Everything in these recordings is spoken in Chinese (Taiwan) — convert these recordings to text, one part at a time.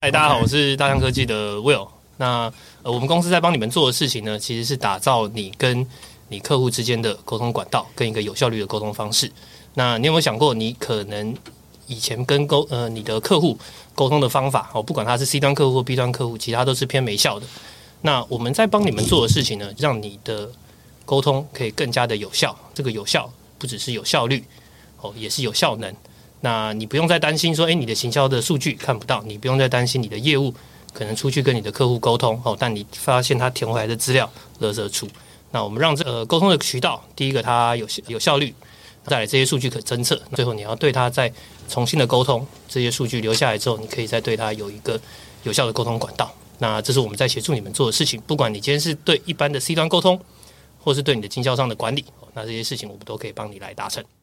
嗨，大家好，我是大橡科技的 Will。那呃，我們公司在幫你們做的事情呢，其實是打造你跟你客戶之間的溝通管道，跟一個有效率的溝通方式。那你有沒有想過，你可能以前跟溝呃你的客戶溝通的方法，哦，不管他是 C 端客戶或 B 端客戶，其他都是偏沒效的。那我們在幫你們做的事情呢，讓你的溝通可以更加的有效。這個有效不只是有效率哦，也是有效能。那你不用再擔心說，哎，你的行銷的數據看不到，你不用再擔心你的業務可能出去跟你的客戶溝通哦，但你發現他填回來的資料漏了出。那我們讓這個、呃、溝通的渠道，第一個它有有效率，再來這些數據可偵測，最後你要對它再重新的溝通，這些數據留下來之後，你可以再對它有一個有效的溝通管道。那這是我們在協助你們做的事情，不管你今天是對一般的 C 端溝通，或是對你的經銷商的管理，那這些事情我們都可以幫你來達成。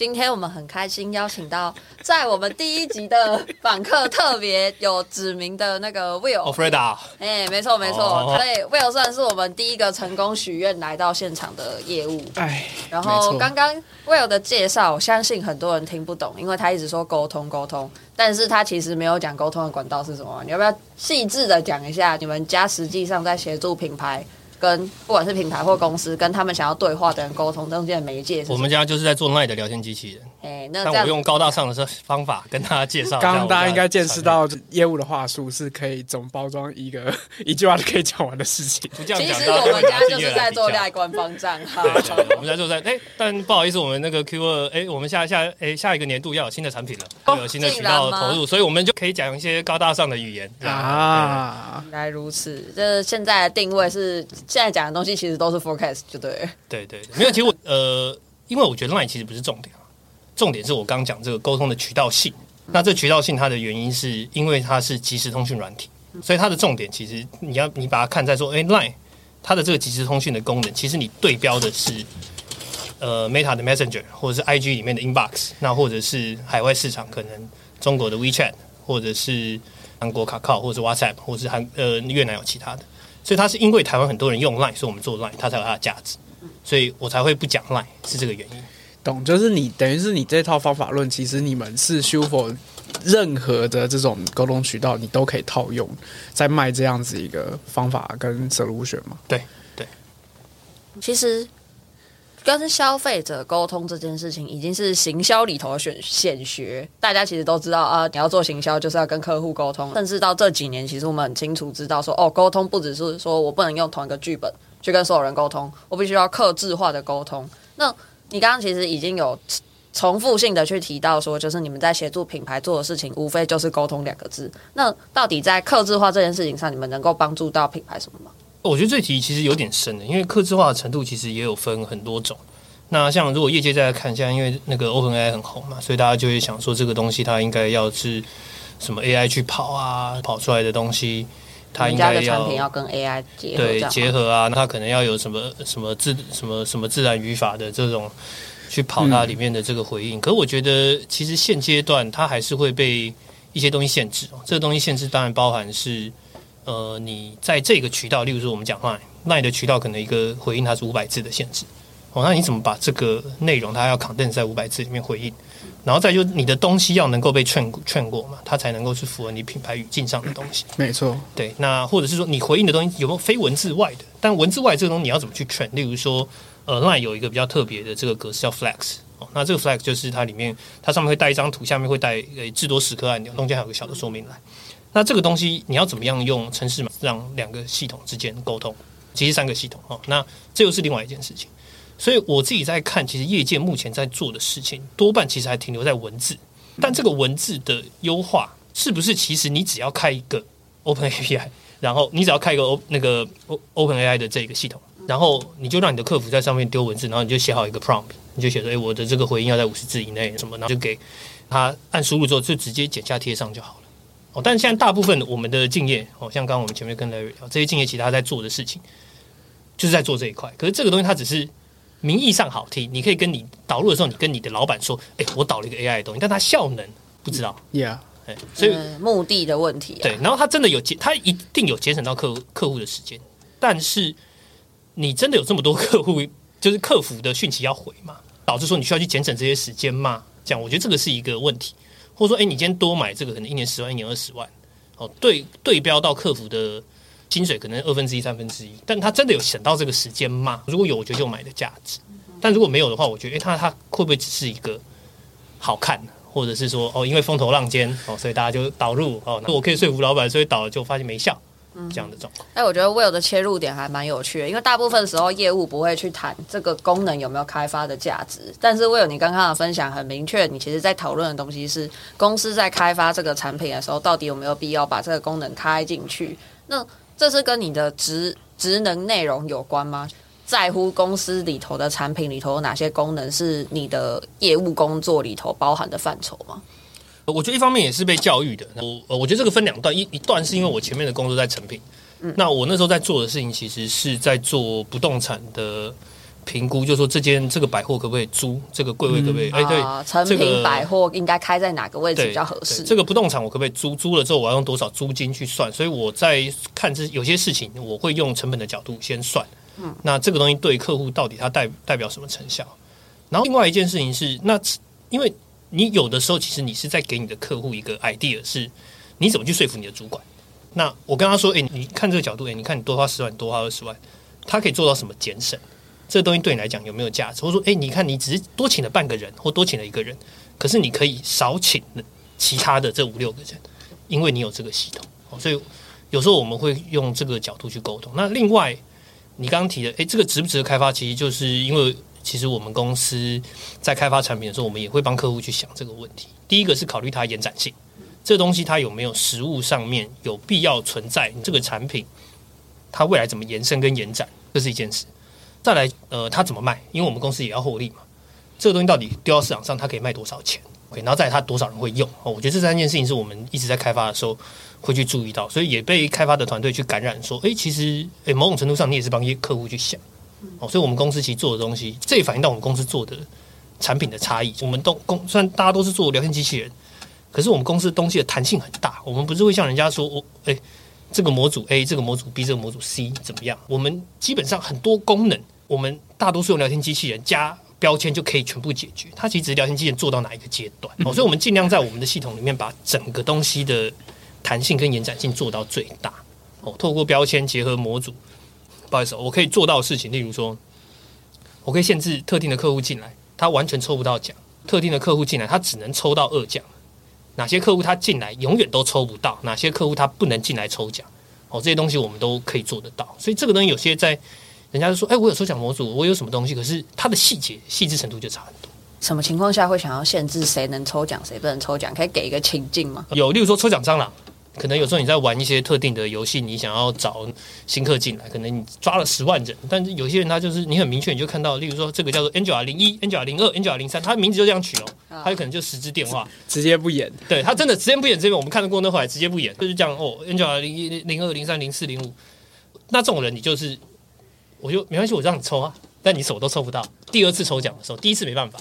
今天我們很開心邀請到在我們第一集的訪客，特別有指名的那個 Will、 哦。奧弗雷達哎，沒錯沒錯，所以 Will 算是我們第一個成功許願來到現場的業務。哎，然後剛剛 Will 的介紹，我相信很多人聽不懂，因為他一直說溝通溝通，但是他其實沒有講溝通的管道是什麼。你要不要細緻的講一下，你們家實際上在協助品牌？跟不管是品牌或公司，跟他們想要對話的人溝通，中間的媒介是是，我們家就是在做 LINE 的聊天機器人。哎，那我用高大上的方法跟大家介紹。剛大家應該見識到業務的話術是可以總包裝一個一句話就可以講完的事情。其實我們家就是在做 LINE 官方賬帳號， 對對對，我們家就賴。在、欸、哎，但不好意思，我們那個 Q 二，哎，我們下下哎、欸、下一個年度要有新的產品了，哦、有新的渠道投入，所以我們就可以講一些高大上的語言、嗯、啊。原來如此，這現在的定位是現在講的東西其實都是 forecast，就對，對對，沒有。其實我呃，因為我覺得那裡其實不是重點。重點是我剛講這個溝通的渠道性，那這渠道性它的原因是因為它是即時通訊軟體，所以它的重點其實你要你把它看在說，哎、欸、，LINE，它的這個即時通訊的功能，其實你對標的是，呃，Meta 的 Messenger 或者是 IG 裡面的 Inbox，那或者是海外市場可能中國的 WeChat 或者是韓國卡卡或者是 WhatsApp 或者是韓呃越南有其他的，所以它是因為台灣很多人用 LINE，所以我們做 LINE 它才有它的價值，所以我才會不講 LINE 是這個原因。懂，就是你等於是你這套方法論，其實你們是是否任何的這種溝通渠道，你都可以套用在賣這樣子一個方法跟 solution 嗎？對對，其實跟消費者溝通這件事情，已經是行銷裡頭的顯顯學，大家其實都知道啊。你要做行銷，就是要跟客戶溝通，甚至到這幾年，其實我們很清楚知道說，哦，溝通不只是說我不能用同一個劇本去跟所有人溝通，我必須要客製化的溝通。那你剛剛其實已經有重複性的去提到說，就是你們在協助品牌做的事情，無非就是溝通兩個字。那到底在客製化這件事情上，你們能夠幫助到品牌什麼嗎？我覺得這題其實有點深的，因為客製化的程度其實也有分很多種。那像如果業界再來看一下，現在因為那個 Open AI 很紅嘛，所以大家就會想說，這個東西它應該要是什麼 AI 去跑啊，跑出來的東西。他應該要，你家這產品要跟 AI 結合。對，結合啊，那他可能要有什麼什麼自什麼什麼自然語法的這種去跑它裡面的這個回應。嗯、可我覺得，其實現階段它還是會被一些東西限制，這個東西限制當然包含是呃，你在這個渠道，例如說我們講話，那你的渠道可能一個回應它是五百字的限制哦。那你怎麼把這個內容它要 content 在五百字裡面回應？然後再就是你的東西要能夠被 train train 過嘛，它才能夠去符合你品牌語境上的東西。沒錯，對。那或者是說你回應的東西有沒有非文字外的？但文字外這個東西你要怎麼去 train？例如說，呃，LINE 有一個比較特別的這個格式叫 Flex 哦。那這個 Flex 就是它裡面它上面會帶一張圖，下面會帶呃至多十顆按鈕，中間還有個小的說明欄。那這個東西你要怎麼樣用程式碼讓兩個系統之間溝通？其實三個系統哦，那這又是另外一件事情。所以我自己在看，其實業界目前在做的事情，多半其實還停留在文字。但這個文字的優化，是不是其實你只要開一個 Open A P I，然後你只要開一個 O 那個 O p e n A I 的這個系統，然後你就讓你的客服在上面丟文字，然後你就寫好一個 Prompt，你就寫說：“誒，我的這個回應要在五十字以內，什麼？”然後就給他按輸入之後，就直接剪下貼上就好了。哦，但是現在大部分我們的競業，哦，像剛剛我們前面跟 Larry 聊這些競業，其實他在做的事情，就是在做這一塊。可是這個東西它只是。名義上好聽，你可以跟你導入的時候，你跟你的老闆說：“哎、欸，我導了一個 AI 的東西，但它效能不知道。Yeah. ”哎、欸，所以、嗯、目的的問題、啊、對，然後它真的有節，它一定有節省到客客戶的時間，但是你真的有這麼多客戶，就是客服的訊息要回嘛，導致說你需要去節省這些時間嗎？這樣，我覺得這個是一個問題，或者說，哎、欸，你今天多買這個，可能一年十萬，一年二十萬，哦，對對標到客服的。薪水可能二分之一、三分之一，但他真的有省到這個時間嗎？如果有，我覺得就買的價值；但如果沒有的話，我覺得哎、欸，他他會不會只是一個好看，或者是說哦，因為風頭浪尖哦，所以大家就導入哦，那我可以說服老闆，所以導了就發現沒效這樣的狀況。哎、嗯欸，我覺得 Will 的切入點還蠻有趣的，因為大部分時候業務不會去談這個功能有沒有開發的價值，但是 Will 你剛剛的分享很明確，你其實在討論的東西是公司在開發這個產品的時候，到底有沒有必要把這個功能開進去？那這是跟你的職職能內容有關嗎？在乎公司裡頭的產品裡頭有哪些功能是你的業務工作裡頭包含的範疇嗎？我覺得一方面也是被教育的。我我覺得這個分兩段，一一段是因為我前面的工作在誠品，嗯，那我那時候在做的事情其實是在做不動產的。評估就是說，這間這個百貨可不可以租，這個櫃位可不可以？哎、嗯呃、對、這個，成品百貨應該開在哪個位置比較合適？這個不動產我可不可以租？租了之後我要用多少租金去算？所以我在看這有些事情，我會用成本的角度先算。嗯，那這個東西對客戶到底它代代表什麼成效？然後另外一件事情是，那因為你有的時候其實你是在給你的客戶一個 idea，是你怎麼去說服你的主管？那我跟他說，哎、欸，你看這個角度，哎、欸，你看你多花十萬，多花二十萬，他可以做到什麼減省？這個東西對你來講有沒有價值？或說，哎，你看，你只是多請了半個人或多請了一個人，可是你可以少請其他的這五六個人，因為你有這個系統。所以有時候我們會用這個角度去溝通。那另外，你剛剛提的，哎，這個值不值得開發？其實就是因為，其實我們公司在開發產品的時候，我們也會幫客戶去想這個問題。第一個是考慮它延展性，這個東西它有沒有實物上面有必要存在？你這個產品它未來怎麼延伸跟延展？這是一件事。再來，呃，他怎麼賣？因為我們公司也要獲利嘛。這個東西到底丟到市場上，它可以賣多少錢？OK，然後再來，他多少人會用？哦，我覺得這三件事情是我們一直在開發的時候會去注意到，所以也被開發的團隊去感染，說，哎、欸，其實，誒、欸，某種程度上你也是幫一些客戶去想。哦，所以我們公司其實做的東西，這也反映到我們公司做的產品的差異。我們都公雖然大家都是做聊天機器人，可是我們公司東西的彈性很大。我們不是會像人家說，我哎。欸這個模組 A，這個模組 B，這個模組 C 怎麼樣？我們基本上很多功能，我們大多數用聊天機器人加標籤就可以全部解決。它其實聊天機器人做到哪一個階段？哦，所以我們盡量在我們的系統裡面把整個東西的彈性跟延展性做到最大。哦，透過標籤結合模組，不好意思，我可以做到的事情，例如說，我可以限制特定的客戶進來，他完全抽不到獎；特定的客戶進來，他只能抽到二獎。哪些客戶他進來永遠都抽不到？哪些客戶他不能進來抽獎？哦，這些東西我們都可以做得到。所以這個東西有些在人家就說：“哎、欸，我有抽獎模組，我有什麼東西。”可是它的細節細緻程度就差很多。什麼情況下會想要限制誰能抽獎，誰不能抽獎？可以給一個情境嗎？有，例如說抽獎蟑螂。可能有時候你在玩一些特定的遊戲，你想要找新客進來，可能你抓了十萬人，但是有些人他就是你很明確，你就看到，例如說這個叫做 n 九二零一、n 九二零二、n 九二零三，他的名字就這樣取哦，啊、他有可能就十支電話直接不演，對，他真的直接不演，這邊我們看得過，那後來直接不演，他就是、這樣哦 n 九二零一、零二、零三、零四、零五，那這種人你就是我就沒關係，我讓你抽啊，但你手都抽不到。第二次抽獎的時候，第一次沒辦法，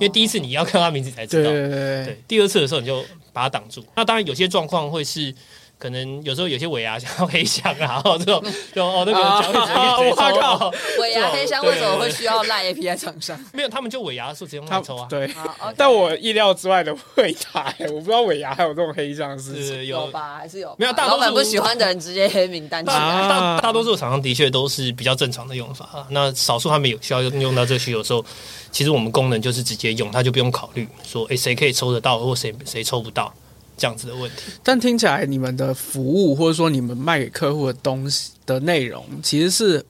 因為第一次你要看他名字才知道，呵呵呵對，對，對，對，對，第二次的時候你就。把它擋住。那當然有些狀況會是。可能有時候有些尾牙想黑箱啊 然後這就笑、哦哦、種就哦那個叫我靠，尾牙黑箱為什麼會需要 LINE API 廠商？沒有，他們就尾牙是直接摸抽啊。對，對，但我意料之外的會。牙，我不知道尾牙還有這種黑箱是，有吧？還是有？沒有、啊，大老闆不喜歡的人直接黑名單去、啊啊。大大多數廠商的確都是比較正常的用法啊。那少數他們有需要用到這些，有時候其實我們功能就是直接用，他就不用考慮說，誒、欸，誰可以抽得到，或誰誰抽不到。這樣子的問題，但聽起來你們的服務或者說你們賣給客戶的東西的內容，其實是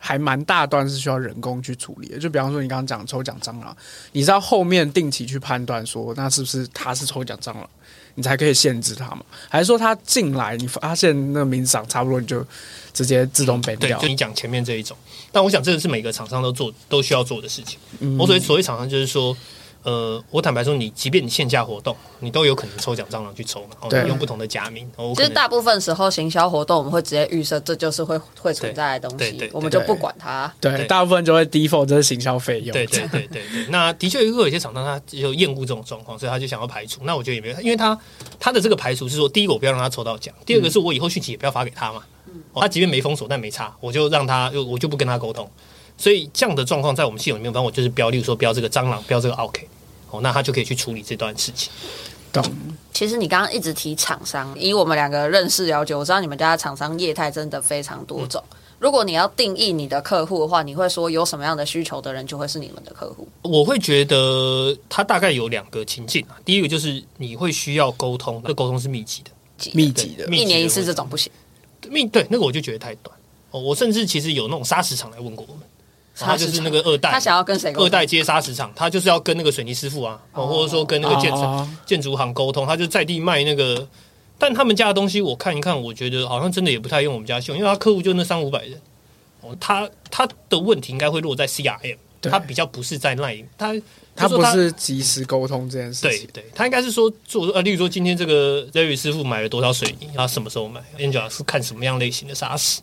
還蠻大段是需要人工去處理的。就比方說你剛剛講的抽獎蟑螂，你知道後面定期去判斷說那是不是他是抽獎蟑螂，你才可以限制他嘛？還是說他進來你發現那個名字長差不多你就直接自動 ban 掉對？就你講前面這一種，但我想這個是每個廠商都做都需要做的事情。嗯、我所以所謂廠商就是說。呃，我坦白說你，你即便你線下活動，你都有可能抽獎蟑螂去抽嘛。對。你用不同的假名，其實大部分時候行銷活動，我們會直接預設，這就是會會存在的東西，我們就不管它。對，對對對，大部分就會 default 這是行銷費用。對對對對，對 那的確，如果有一些廠商他有厭惡這種狀況，所以他就想要排除。那我覺得也沒有，因為他他的這個排除是說，第一個我不要讓他抽到獎、嗯，第二個是我以後訊息也不要發給他嘛。嗯哦、他即便沒封鎖，但沒差，我就讓他，我就不跟他溝通。所以這樣的狀況在我們系統裡面，反正我就是標，例如說標這個蟑螂，標這個 OK，哦，那他就可以去處理這段事情。懂、嗯。其實你剛剛一直提廠商，以我們兩個認識了解，我知道你們家的廠商業態真的非常多種、嗯。如果你要定義你的客戶的話，你會說有什麼樣的需求的人就會是你們的客戶？我會覺得他大概有兩個情境啊。第一個就是你會需要溝通，那溝通是密集的，密集的，密集的，一年一次這種不行。密對那個我就覺得太短哦。我甚至其實有那種砂石廠來問過我們。哦、他就是那個二代，他想要跟誰？二代接砂石廠，他就是要跟那個水泥師傅啊，oh、或者說跟那個建築、oh、建築行溝通。他就在地賣那個，oh、但他們家的東西，我看一看，我覺得好像真的也不太用我們家修，因為他客戶就那三五百人。哦、他他的問題應該會落在 CRM，他比較不是在 LINE，說他他不是及時溝通這件事情。對對，他應該是說做呃，例如說今天這個 Jerry 師傅買了多少水泥，他、啊、什麼時候買 Angela 是看什麼樣類型的砂石。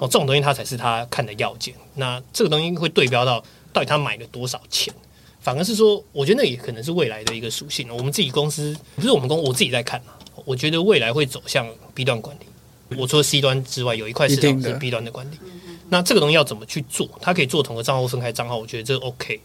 哦，這種東西他才是他看的要件。那這個東西會對標到到底他買了多少錢？反而是說，我覺得那也可能是未來的一個屬性。我們自己公司不是我們公司，我自己在看嘛。我覺得未來會走向 B 端管理，我除了 C 端之外，有一塊是 B 端的管理的。那這個東西要怎麼去做？它可以做同個賬號、分開賬號，我覺得這 OK。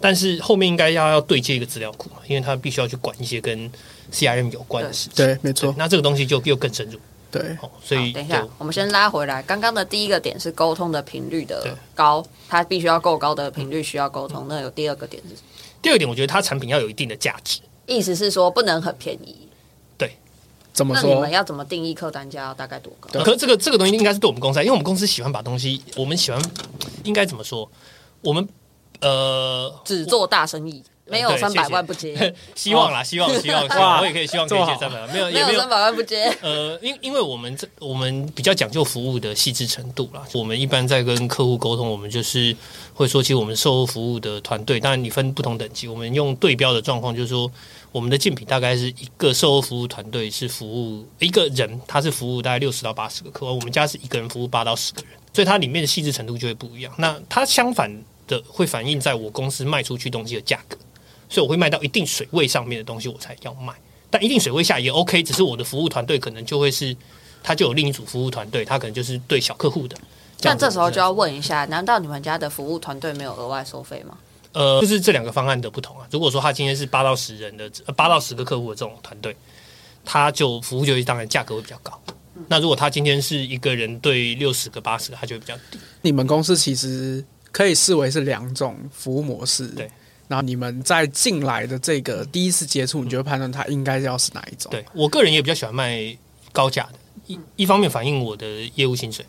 但是後面應該要要對接一個資料庫，因為它必須要去管一些跟 CRM 有關的事情、嗯。對，沒錯。那這個東西就又更深入。對、哦，所以等一下，我們先拉回來。剛剛的第一個點是溝通的頻率的高，它必須要夠高的頻率需要溝通、嗯嗯。那有第二個點是什麼？第二點我覺得它產品要有一定的價值，意思是說不能很便宜。對，怎麼說？那你們要怎麼定義客單價？要大概多高？可是這個這個東西應該是對我們公司來，因為我們公司喜歡把東西，我們喜歡應該怎麼說？我們呃，只做大生意。沒有三百萬不接。謝謝，希望啦，希望、哦、希望，我也可以希望可以接三百萬，沒有也沒有三百萬不接。呃，因因為我們這我們比較講究服務的細致程度啦。我們一般在跟客戶溝通，我們就是會說起我們售後服務的團隊。當然，你分不同等級，我們用對標的狀況，就是說我們的競品大概是一個售後服務團隊是服務一個人，他是服務大概六十到八十個客戶。我們家是一個人服務八到十個人，所以它裡面的細致程度就會不一樣。那它相反的會反映在我公司賣出去東西的價格。所以我會賣到一定水位上面的東西我才要賣，但一定水位下也 OK。只是我的服務團隊可能就會是，他就有另一組服務團隊，他可能就是對小客戶的。這樣子。那這時候就要問一下，嗯，難道你們家的服務團隊沒有額外收費嗎？呃，就是這兩個方案的不同啊。如果說他今天是八到十人的，八到十個客戶的這種團隊，他就服務就會當然價格會比較高。嗯，那如果他今天是一個人對六十個、八十個，他就會比較低。你們公司其實可以視為是兩種服務模式，對。然後你們在進來的這個第一次接觸，你就會判斷它應該要是哪一種？對我個人也比較喜歡賣高價的。一一方面反映我的業務薪水，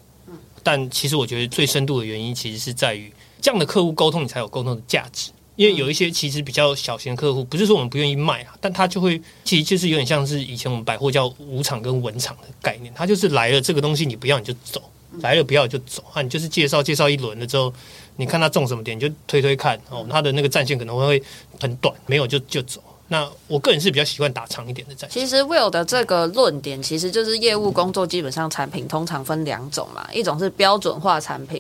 但其實我覺得最深度的原因，其實是在於這樣的客戶溝通，你才有溝通的價值。因為有一些其實比較小型的客戶，不是說我們不願意賣啊，但他就會其實就是有點像是以前我們百貨叫武場跟文場的概念，他就是來了這個東西你不要你就走，來了不要你就走啊，你就是介紹介紹一輪了之後。你看他中什麼點你就推推看哦，他的那個戰線可能會很短，沒有就就走。那我個人是比較喜歡打長一點的戰線。其實 Will 的這個論點其實就是業務工作基本上產品通常分兩種嘛，一種是標準化產品，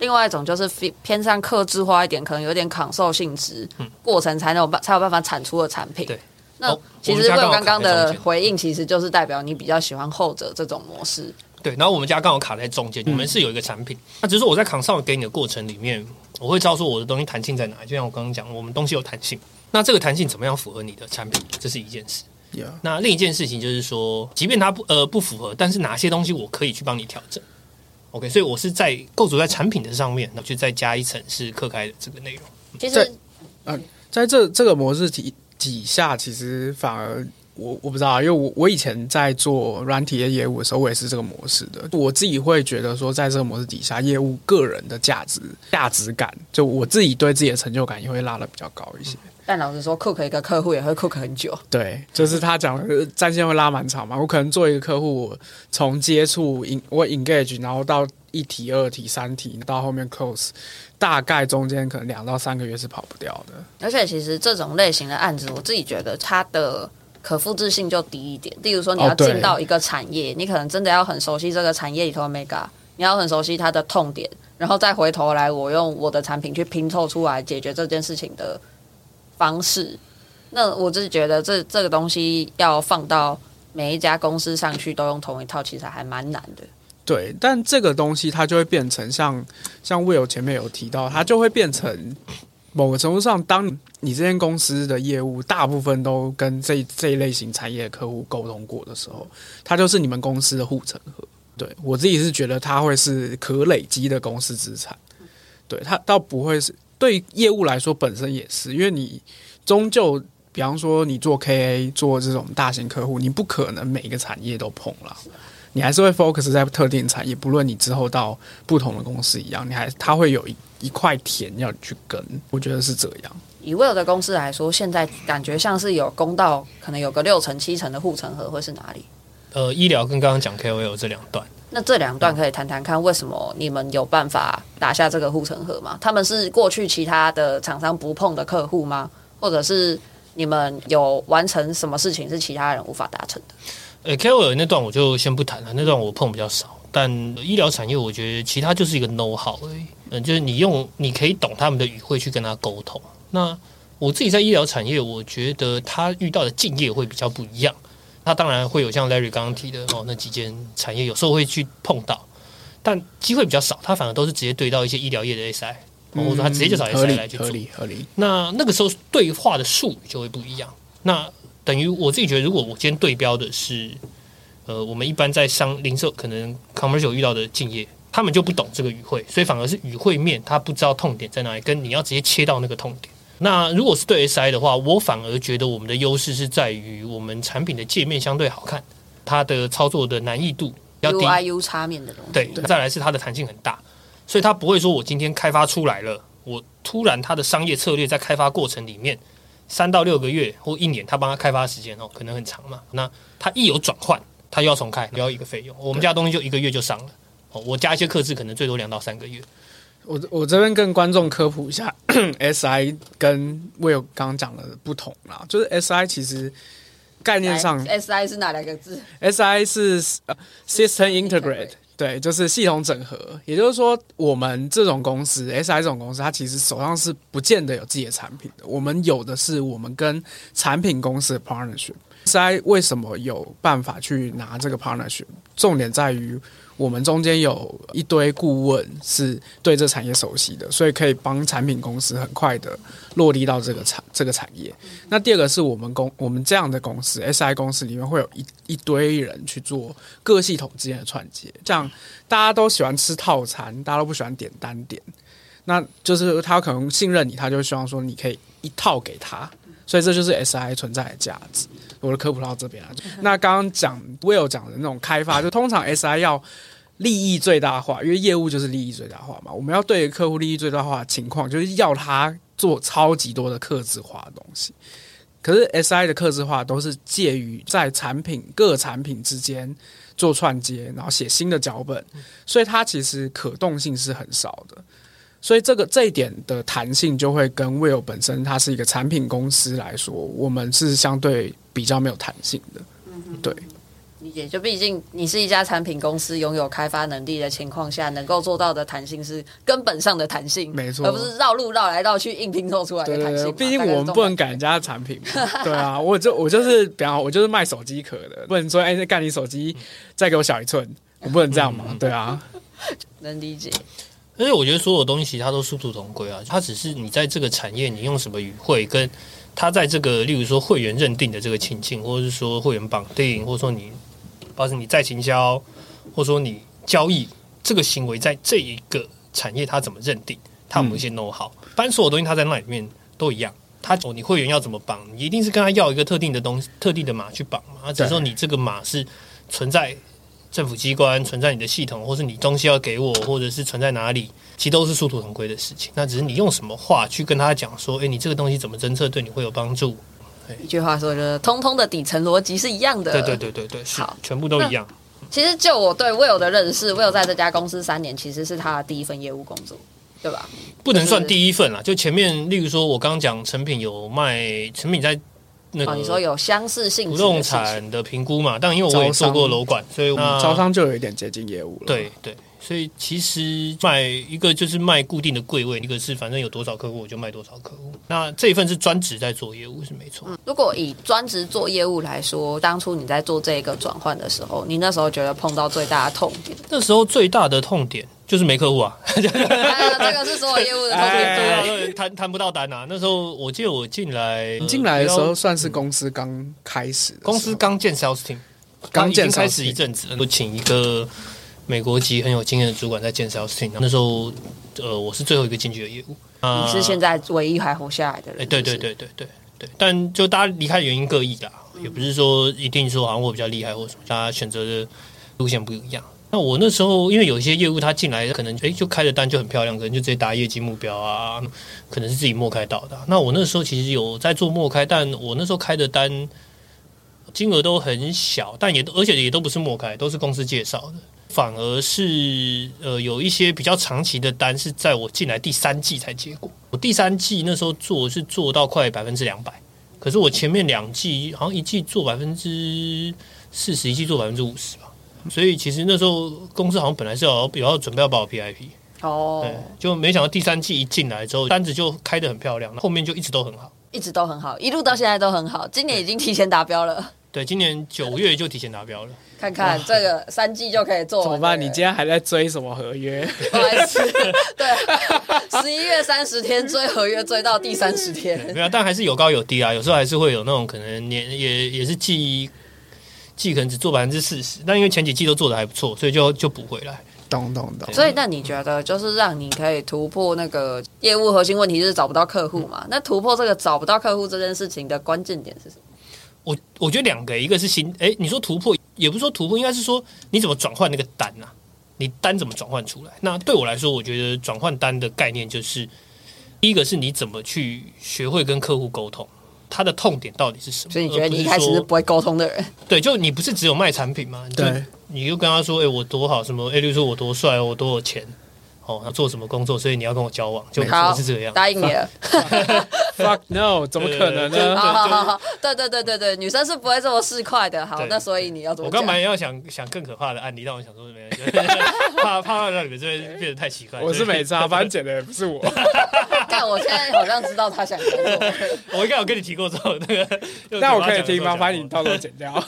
另外一種就是偏上客製化一點，可能有點抗受性質，過程才能有辦、嗯、才有辦法產出的產品。對。那其實，根剛剛的回應，其實就是代表你比較喜歡後者這種模式。哦、對，然後我們家剛好卡在中間，我、嗯、們是有一個產品。那只是說我在扛上給你的過程裡面，我會知道說我的東西彈性在哪裡。就像我剛剛講，我們東西有彈性，那這個彈性怎麼樣符合你的產品，這是一件事。Yeah. 那另一件事情就是說，即便它不呃不符合，但是哪些東西我可以去幫你調整？OK，所以我是在構築在產品的上面，那去再加一層是客開的這個內容。嗯、其實，嗯、呃，在這這個模式底下其實反而我我不知道啊，因為我我以前在做軟體業業務的時候，我也是這個模式的。我自己會覺得說，在這個模式底下，業務個人的價值、價值感，就我自己對自己的成就感也會拉得比較高一些。嗯但老實說，cook 一個客戶也會 cook 很久。對，就是他講的戰線會拉滿場嘛。我可能做一個客戶，從接觸我 engage，然後到一題二題三題到後面 close，大概中間可能兩到三個月是跑不掉的。而且，其實這種類型的案子，我自己覺得它的可複制性就低一點。例如說，你要進到一個產業、哦，你可能真的要很熟悉這個產業裡頭的 omega，你要很熟悉它的痛點，然後再回頭來，我用我的產品去拼湊出來解決這件事情的。方式。那我自己覺得這，這這個東西要放到每一家公司上去都用同一套，其實還蠻難的。對，但這個東西它就會變成像像 Will 前面有提到，它就會變成某個程度上，當你這間公司的業務大部分都跟這這一類型產業的客戶溝通過的時候，它就是你們公司的護城河。對我自己是覺得，它會是可累積的公司資產。對它倒不會是。對業務來說，本身也是，因為你終究，比方說你做 KA，做這種大型客戶，你不可能每個產業都碰了，你還是會 focus 在特定產業。不論你之後到不同的公司一樣，你還它會有一一塊田要去跟，我覺得是這樣。以 Will 的公司來說，現在感覺像是有攻到，可能有個六成七成的護城河，會是哪裡？呃，醫療跟剛剛講 KOL 這兩段。那這兩段可以談談看，為什麼你們有辦法打下這個護城河嗎？他們是過去其他的廠商不碰的客戶嗎？或者是你們有完成什麼事情是其他人無法達成的？呃、欸、，KOL 那段我就先不談了，那段我碰比較少。但醫療產業，我覺得其他就是一個 know-how 而已。嗯，就是你用你可以懂他們的語彙去跟他溝通。那我自己在醫療產業，我覺得他遇到的敬業會比較不一樣。他當然會有像 Larry 剛剛提的哦，那幾間產業有時候會去碰到，但機會比較少。他反而都是直接對到一些醫療業的 SI，或者說他直接就找 SI 來去做。嗯，合理，合理，合理。那那個時候對話的術語就會不一樣。那等於我自己覺得，如果我今天對標的是呃，我們一般在商零售可能 commercial 遇到的敬業，他們就不懂這個語彙，所以反而是語彙面他不知道痛點在哪裡，跟你要直接切到那個痛點。那如果是對 SI 的話，我反而覺得我們的優勢是在於我們產品的界面相對好看，它的操作的難易度要低對，對，再來是它的彈性很大，所以它不會說我今天開發出來了，我突然它的商業策略在開發過程裡面三到六個月或一年，它幫它開發時間哦，可能很長嘛。那它一有轉換，它又要重開，又要一個費用。我們家東西就一個月就上了哦，我加一些客製，可能最多兩到三個月。我我這邊跟觀眾科普一下 ，SI 跟 Will 剛剛講的不同啦，就是 SI 其實概念上來，SI 是哪兩個字？SI 是呃、uh, System Integrate，對，就是系統整合。也就是說，我們這種公司，SI 這種公司，它其實手上是不見得有自己的產品的，我們有的是我們跟產品公司的 partnership。SI 為什麼有辦法去拿這個 partnership？重點在於。我們中間有一堆顧問是對這產業熟悉的，所以可以幫產品公司很快的落地到這個產這個產業。那第二個是我們公我們這樣的公司 SI 公司裡面會有一一堆人去做各系統之間的串接，這樣大家都喜歡吃套餐，大家都不喜歡點單點。那就是他可能信任你，他就希望說你可以一套給他，所以這就是 SI 存在的價值。我的科普到這邊了啊。那剛剛講 Will 講的那種開發，就通常 SI 要利益最大化，因為業務就是利益最大化嘛。我們要對客戶利益最大化的情況，就是要他做超級多的客製化的東西。可是 SI 的客製化都是介於在產品各產品之間做串接，然後寫新的腳本，所以它其實可動性是很少的。所以這個這一點的彈性，就會跟 Will 本身它是一個產品公司來說，我們是相對。比較沒有彈性的，嗯、哼哼對，理解。就畢竟你是一家產品公司，擁有開發能力的情況下，能夠做到的彈性是根本上的彈性，沒錯，而不是繞路繞來繞去硬拼湊出來的彈性。畢竟我們不能改人家的產品嘛。對，對啊，我就我就是， 比方我就是賣手機殼的，不能說哎，幹、欸、你手機、嗯、再給我小一寸，我不能這樣嘛，嗯嗯對啊， 能理解。因為我覺得所有東西它都殊途同歸啊，它只是你在這個產業你用什麼語彙跟。他在這個，例如說會員認定的這個情境，或者是說會員綁定，或者說你，包是你在行銷，或者說你交易這個行為，在這一個產業，他怎麼認定？嗯、他某些 know 不然所有東西他在那裡面都一樣。他、哦、你會員要怎麼綁？你一定是跟他要一個特定的東西，特定的碼去綁嘛。只是說你這個碼是存在政府機關，存在你的系統，或是你東西要給我，或者是存在哪裡。其實都是殊途同歸的事情，那只是你用什麼話去跟他講說，哎、欸，你這個東西怎麼偵測對你會有幫助？一句話說、就是，通通的底層邏輯是一樣的。對對對對對，是，全部都一樣。其實就我對 Will 的認識，Will 在這家公司三年其實是他的第一份業務工作，對吧？不能算第一份了、就是，就前面，例如說我剛剛講成品有賣成品在那個啊、你說有相似性，不動產的評估嘛？但因為我也做過樓管，所以我們招商就有一點接近業務了。對對。所以其實賣一個就是賣固定的櫃位，一個是反正有多少客戶我就賣多少客戶。那這一份是專職在做業務是沒錯、嗯。如果以專職做業務來說，當初你在做這個轉換的時候，你那時候覺得碰到最大的痛點？那時候最大的痛點就是沒客戶啊！ 哎、這個是所有業務的痛點，對啊、哎哎哎哎哎，談談不到單啊。那時候我記得我進來、呃，你進來的時候算是公司剛開始、嗯嗯，公司剛建 sales team，剛建 sales team，啊、開始一陣子，就，嗯、請一個。美國籍很有經驗的主管在介紹事情，那時候，呃，我是最後一個進去的業務。你是現在唯一還活下來的人是不是？哎、欸，對對對對對對，但就大家離開的原因各異啦，也不是說一定說好像我比較厲害或者什麼，大家選擇的路線不一樣。那我那時候因為有一些業務他進來可能、欸、就開的單就很漂亮，可能就直接達業績目標啊，可能是自己陌開到的、啊。那我那時候其實有在做陌開，但我那時候開的單金額都很小，但也而且也都不是陌開，都是公司介紹的。反而是呃有一些比較長期的單是在我進來第三季才結果。我第三季那時候做是做到快百分之兩百，可是我前面兩季好像一季做百分之四十，一季做百分之五十吧，所以其實那時候公司好像本來是有要準備要把我 P I P 哦，就沒想到第三季一進來之後單子就開得很漂亮，後面就一直都很好，一直都很好，一路到現在都很好，今年已經提前達標了。對，今年九月就提前達標了。看看這個三季就可以做了。怎麼辦、這個？你今天還在追什麼合約？不好意思 對，十 一月三十天追合約， 追到第三十天。沒有、啊，但還是有高有低啊。有時候還是會有那種可能年也也是季季可能只做百分之四十，但因為前幾季都做得還不錯，所以就就補回來。懂懂懂。所以那你覺得，就是讓你可以突破那個業務核心問題，就是找不到客戶嘛、嗯？那突破這個找不到客戶這件事情的關鍵點是什麼？我我覺得兩個、欸，一個是新，誒、欸，你說突破，也不是說突破，應該是說你怎麼轉換那個單吶、啊？你單怎麼轉換出來？那對我來說，我覺得轉換單的概念就是，第一個是你怎麼去學會跟客戶溝通，他的痛點到底是什麼？所以你覺得你一開始是不會溝通的人？對，就你不是只有賣產品嗎？對，你就跟他說，誒、欸，我多好，什麼？誒、欸，例如說我多帥，我多有錢？哦，要做什麼工作？所以你要跟我交往，就總是這個樣子答應你了。Fuck no， 怎麼可能呢？對對對對對 好好好，對對對對對，女生是不會這麼市儈的。好，對對對，那所以你要怎麼？我剛滿要想想更可怕的案例，讓我想說什麼？ 怕怕讓你們這邊變得太奇怪。 我是沒差，反正剪的也不是我。看 我現在好像知道他想什麼。 我應該有跟你提過之後那個，個 那我可以聽麻煩正你偷偷剪掉。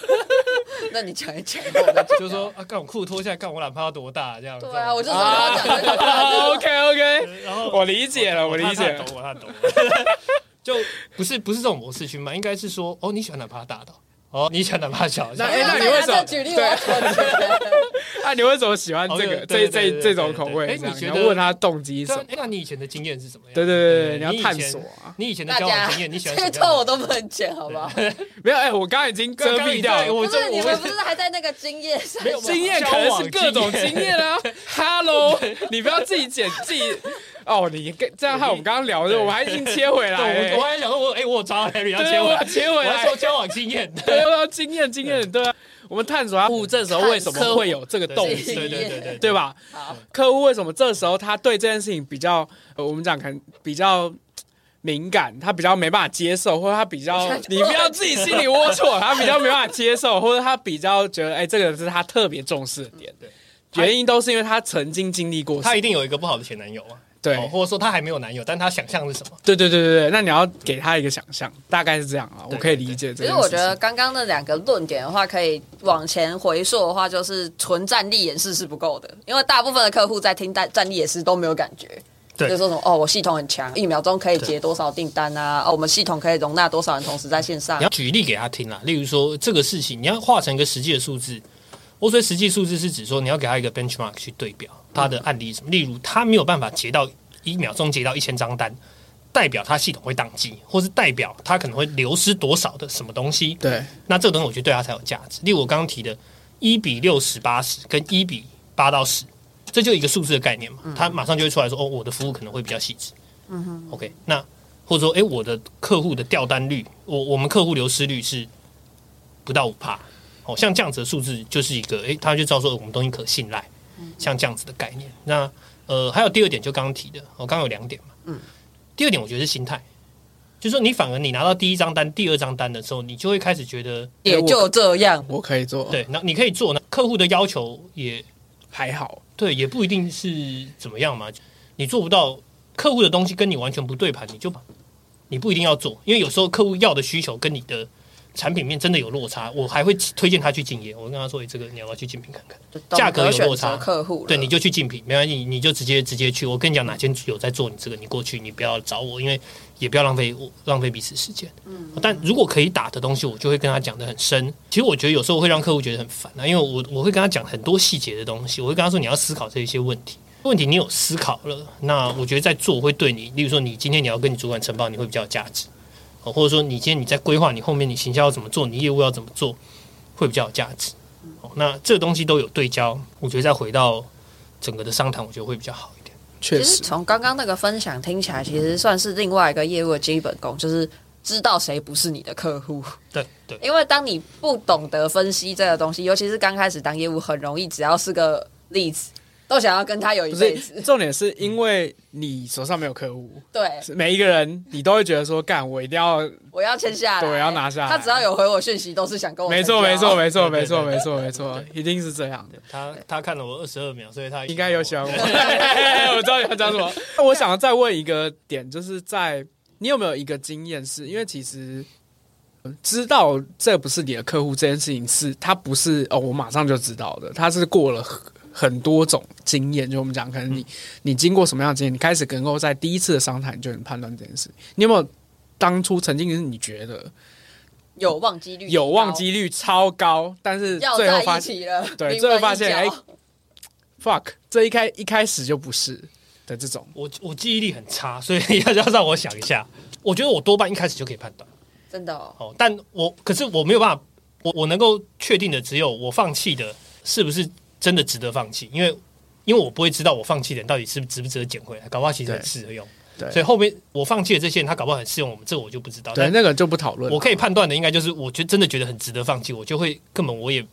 那你講一講， 就是說啊，幹我褲脫下來，幹我懶趴多大這樣。對啊，我就說、啊、 就是什 OK OK， 然後我，我理解了，我，我理解我，他懂，我，懂。 就不是不是這種模式去賣，應該是說哦，你喜歡懶趴大的、哦。哦、oh，你喜歡奶泡小？那、欸、那你為什麼？舉例。我對。 那你為什麼喜歡這個、oh, 這這這種口味？你要問他動機是什麼？對對對對對、欸？那你以前的經驗是什麼樣？對對對對，你要探索啊！你以前的交往經驗，你喜歡這個，這我都不能剪，好不好？沒有，哎、欸，我剛剛已經遮蔽掉了，剛剛你我就。不是我就你們不是還在那個經驗上？經驗可能是各種經驗啊。Hello， 哈囉 你不要自己剪自己哦。你跟這樣，害我們剛剛聊的，我還已經切回來。我我還想說，我哎，我抓到你要切回來，切回來說交往經驗經驗，經驗對啊，我們探索客戶這時候為什麼會有這個動作？對對對對，對對對對對對吧？好，客戶為什麼這時候他對這件事情比較，我們講可能比較敏感，他比較沒辦法接受，或者他比較，你不要自己心裡齷齪，他比較沒辦法接受， 或者他比較覺得，哎，這個人是他特別重視的點，對，原因都是因為他曾經經歷過，他一定有一個不好的前男友啊。對、哦，或者說她還沒有男友，但她想象是什麼？對對對對對，那你要給他一個想象，嗯、大概是這樣啊，我可以理解這個。其實我覺得剛剛那兩個論點的話，可以往前回溯的話，就是純戰力演示是不夠的，因為大部分的客戶在聽戰力演示都沒有感覺。對，就是說什麼哦，我系統很強，一秒鐘可以接多少訂單啊？哦，我們系統可以容納多少人同時在線上？你要舉例給他聽啦、啊，例如說這個事情，你要化成一個實際的數字。我說實際數字是指說你要給他一個 benchmark 去對標。他的案例是什麼？例如，他沒有辦法截到一秒鐘截到一千張單，代表他系統會宕機，或是代表他可能會流失多少的什麼東西？對。那這個東西我覺得對他才有價值。例如我剛剛提的，一比六十八十跟一比八到十，這就一個數字的概念嘛。嗯。他馬上就會出來說：“哦，我的服務可能會比較細緻。”嗯哼。OK，那或者說，哎、欸，我的客戶的掉單率，我我們客戶流失率是不到五趴。哦，像這樣子的數字，就是一個，哎、欸，他就知道說我們東西可信賴。像這樣子的概念，那呃，還有第二點，就剛剛提的，我剛剛有兩點嘛，嗯，第二點我覺得是心態，就是說你反而你拿到第一張單、第二張單的時候，你就會開始覺得也就這樣、嗯，我可以做，對，那你可以做，那客戶的要求也還好，對，也不一定是怎麼樣嘛，你做不到，客戶的東西跟你完全不對盤，你就你不一定要做，因為有時候客戶要的需求跟你的。產品面真的有落差，我還會推薦他去競業。我跟他說：“欸，這個你要不要去競品看看，價格有落差，對，你就去競品，沒關係，你就直接直接去。”我跟你講，哪間有在做你這個，你過去，你不要找我，因為也不要浪費浪費彼此時間。嗯，但如果可以打的東西，我就會跟他講得很深。其實我覺得有時候會讓客戶覺得很煩啊，因為我我會跟他講很多細節的東西，我會跟他說，你要思考這一些問題。問題你有思考了，那我覺得在做我會對你，例如說你今天你要跟你主管呈報，你會比較有價值。或者說，你今天你在規劃你後面你行銷要怎麼做，你業務要怎麼做，會比較有價值。那這東西都有對焦，我覺得再回到整個的商談，我覺得會比較好一點。確實，其實從剛剛那個分享聽起來，其實算是另外一個業務的基本功，嗯、就是知道誰不是你的客戶。對對，因為當你不懂得分析這個東西，尤其是剛開始當業務，很容易只要是個例子，都想要跟他有一輩子不是。重點是因為你手上沒有客戶、嗯，對每一個人，你都會覺得說：“幹，我一定要，我要簽下來，對，我要拿下。”他只要有回我訊息，都是想跟我。沒錯，沒錯，沒錯，沒錯，沒錯，沒錯，一定是這樣。他他看了我二十二秒，所以他應該有喜歡我。 我知道你要講什麼。 我想要再問一個點，就是在你有沒有一個經驗？是因為其實知道這不是你的客戶這件事情，是他不是哦，我馬上就知道的。他是過了。很多種經驗，就我們講，可能你你經過什麼樣的經驗，你開始能夠在第一次的商談就能判斷這件事。你有沒有當初曾經是你覺得有望機率有望機率超高，但是最後發現了對，最後發現哎 ，fuck，這一開一開始就不是的這種。我我記憶力很差，所以要要讓我想一下。我覺得我多半一開始就可以判斷，真的哦。但我可是我沒有辦法，我我能夠確定的只有我放棄的是不是。真的值得放棄，因為因為我不會知道我放棄的人到底值不值不值得撿回來。搞不好其實很適合用，所以後面我放棄的這些人，他搞不好很適用我們，這個、我就不知道。對，那個就不討論。我可以判斷的，應該就是我覺真的覺得很值得放棄，我就會根本我也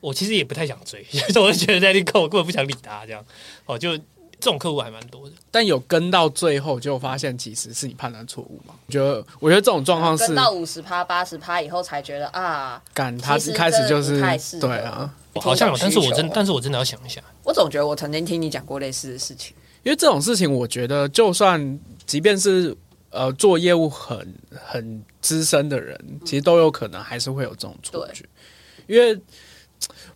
我其實也不太想追，所 以我就覺得在那刻我根本不想理他這樣。哦，就這種客戶還蠻多的，但有跟到最後，就發現其實是你判斷錯誤嘛？我覺得我覺得這種狀況是跟到五十趴、八十趴以後才覺得啊，幹他是開始就是,是對啊啊、好像有、喔，但是我真，但是我真的要想一下。我總覺得我曾經聽你講過類似的事情。因為這種事情，我覺得就算即便是呃做業務很很資深的人，其實都有可能還是會有這種錯覺、嗯對。因為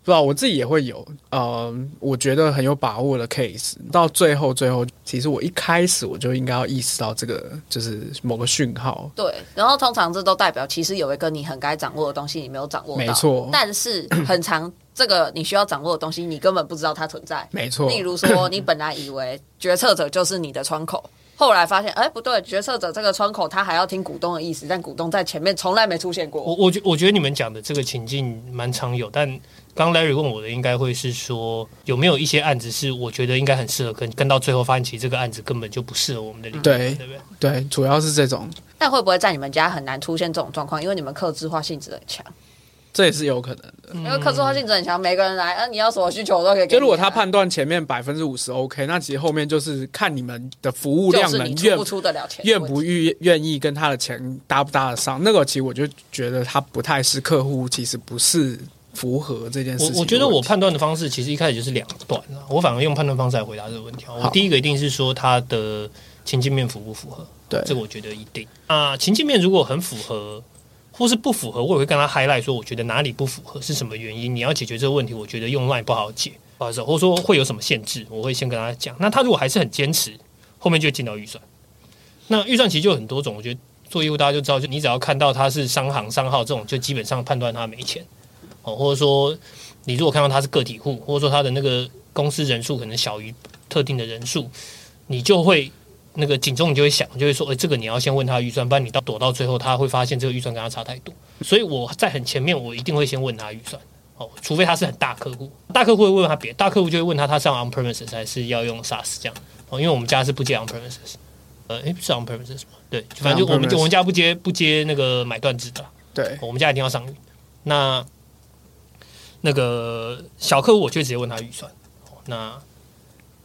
不知道我自己也會有，呃，我覺得很有把握的 case，到最後最後，其實我一開始我就應該要意識到這個就是某個訊號。對，然後通常這都代表其實有一個你很該掌握的東西，你沒有掌握到，沒錯。但是很常。 這個你需要掌握的東西，你根本不知道它存在。沒錯，例如說，你本來以為決策者就是你的窗口， 後來發現，哎、欸，不對，決策者這個窗口他還要聽股東的意思，但股東在前面從來沒出現過。我我覺我覺得你們講的這個情境蠻常有，但剛 Larry 問我的，應該會是說有沒有一些案子是我覺得應該很適合，跟跟到最後發現，其實這個案子根本就不適合我們的領域、嗯，對不對？對，主要是這種。但會不會在你們家很難出現這種狀況？因為你們客製化性質很強。這也是有可能的，嗯、因為客製化性很強，每個人來、啊，你要什麼需求我都可以給。果如果他判斷前面百分之五十 OK，那其實後面就是看你們的服務量能願願、就是、願不願意，跟他的錢搭不搭得上。那個其實我就覺得他不太是客戶，其實不是符合這件事情我。我覺得我判斷的方式其實一開始就是兩段，我反而用判斷方式來回答這個問題。我第一個一定是說他的情境面符不符合，對這個我覺得一定。啊、呃，情境面如果很符合。果是不符合，我也會跟他 highlight 說，我覺得哪裡不符合是什麼原因，你要解決這個問題，我覺得用 LINE 不好解，不好解或者說會有什麼限制，我會先跟他講。那他如果還是很堅持，後面就進到預算。那預算其實就很多種，我覺得做業務大家就知道，就你只要看到他是商行商號這種，就基本上判斷他沒錢哦，或者說你如果看到他是個體戶，或者說他的那個公司人數可能小於特定的人數，你就會。那個警鐘，你就會想，就會說，哎、欸，這個你要先問他預算，不然你到躲到最後，他會發現這個預算跟他差太多。所以我在很前面，我一定會先問他預算，哦，除非他是很大客戶，大客戶會問他別，大客戶就會問他，他上 on premises 還是要用 SaaS 這樣，哦，因為我們家是不接 on premises，呃，哎、欸，不是 on premises 嗎對，反正就我們我們家不接不接那個買斷制的、啊，對、哦，我們家一定要上。那那個小客戶，我就直接問他預算，哦、那。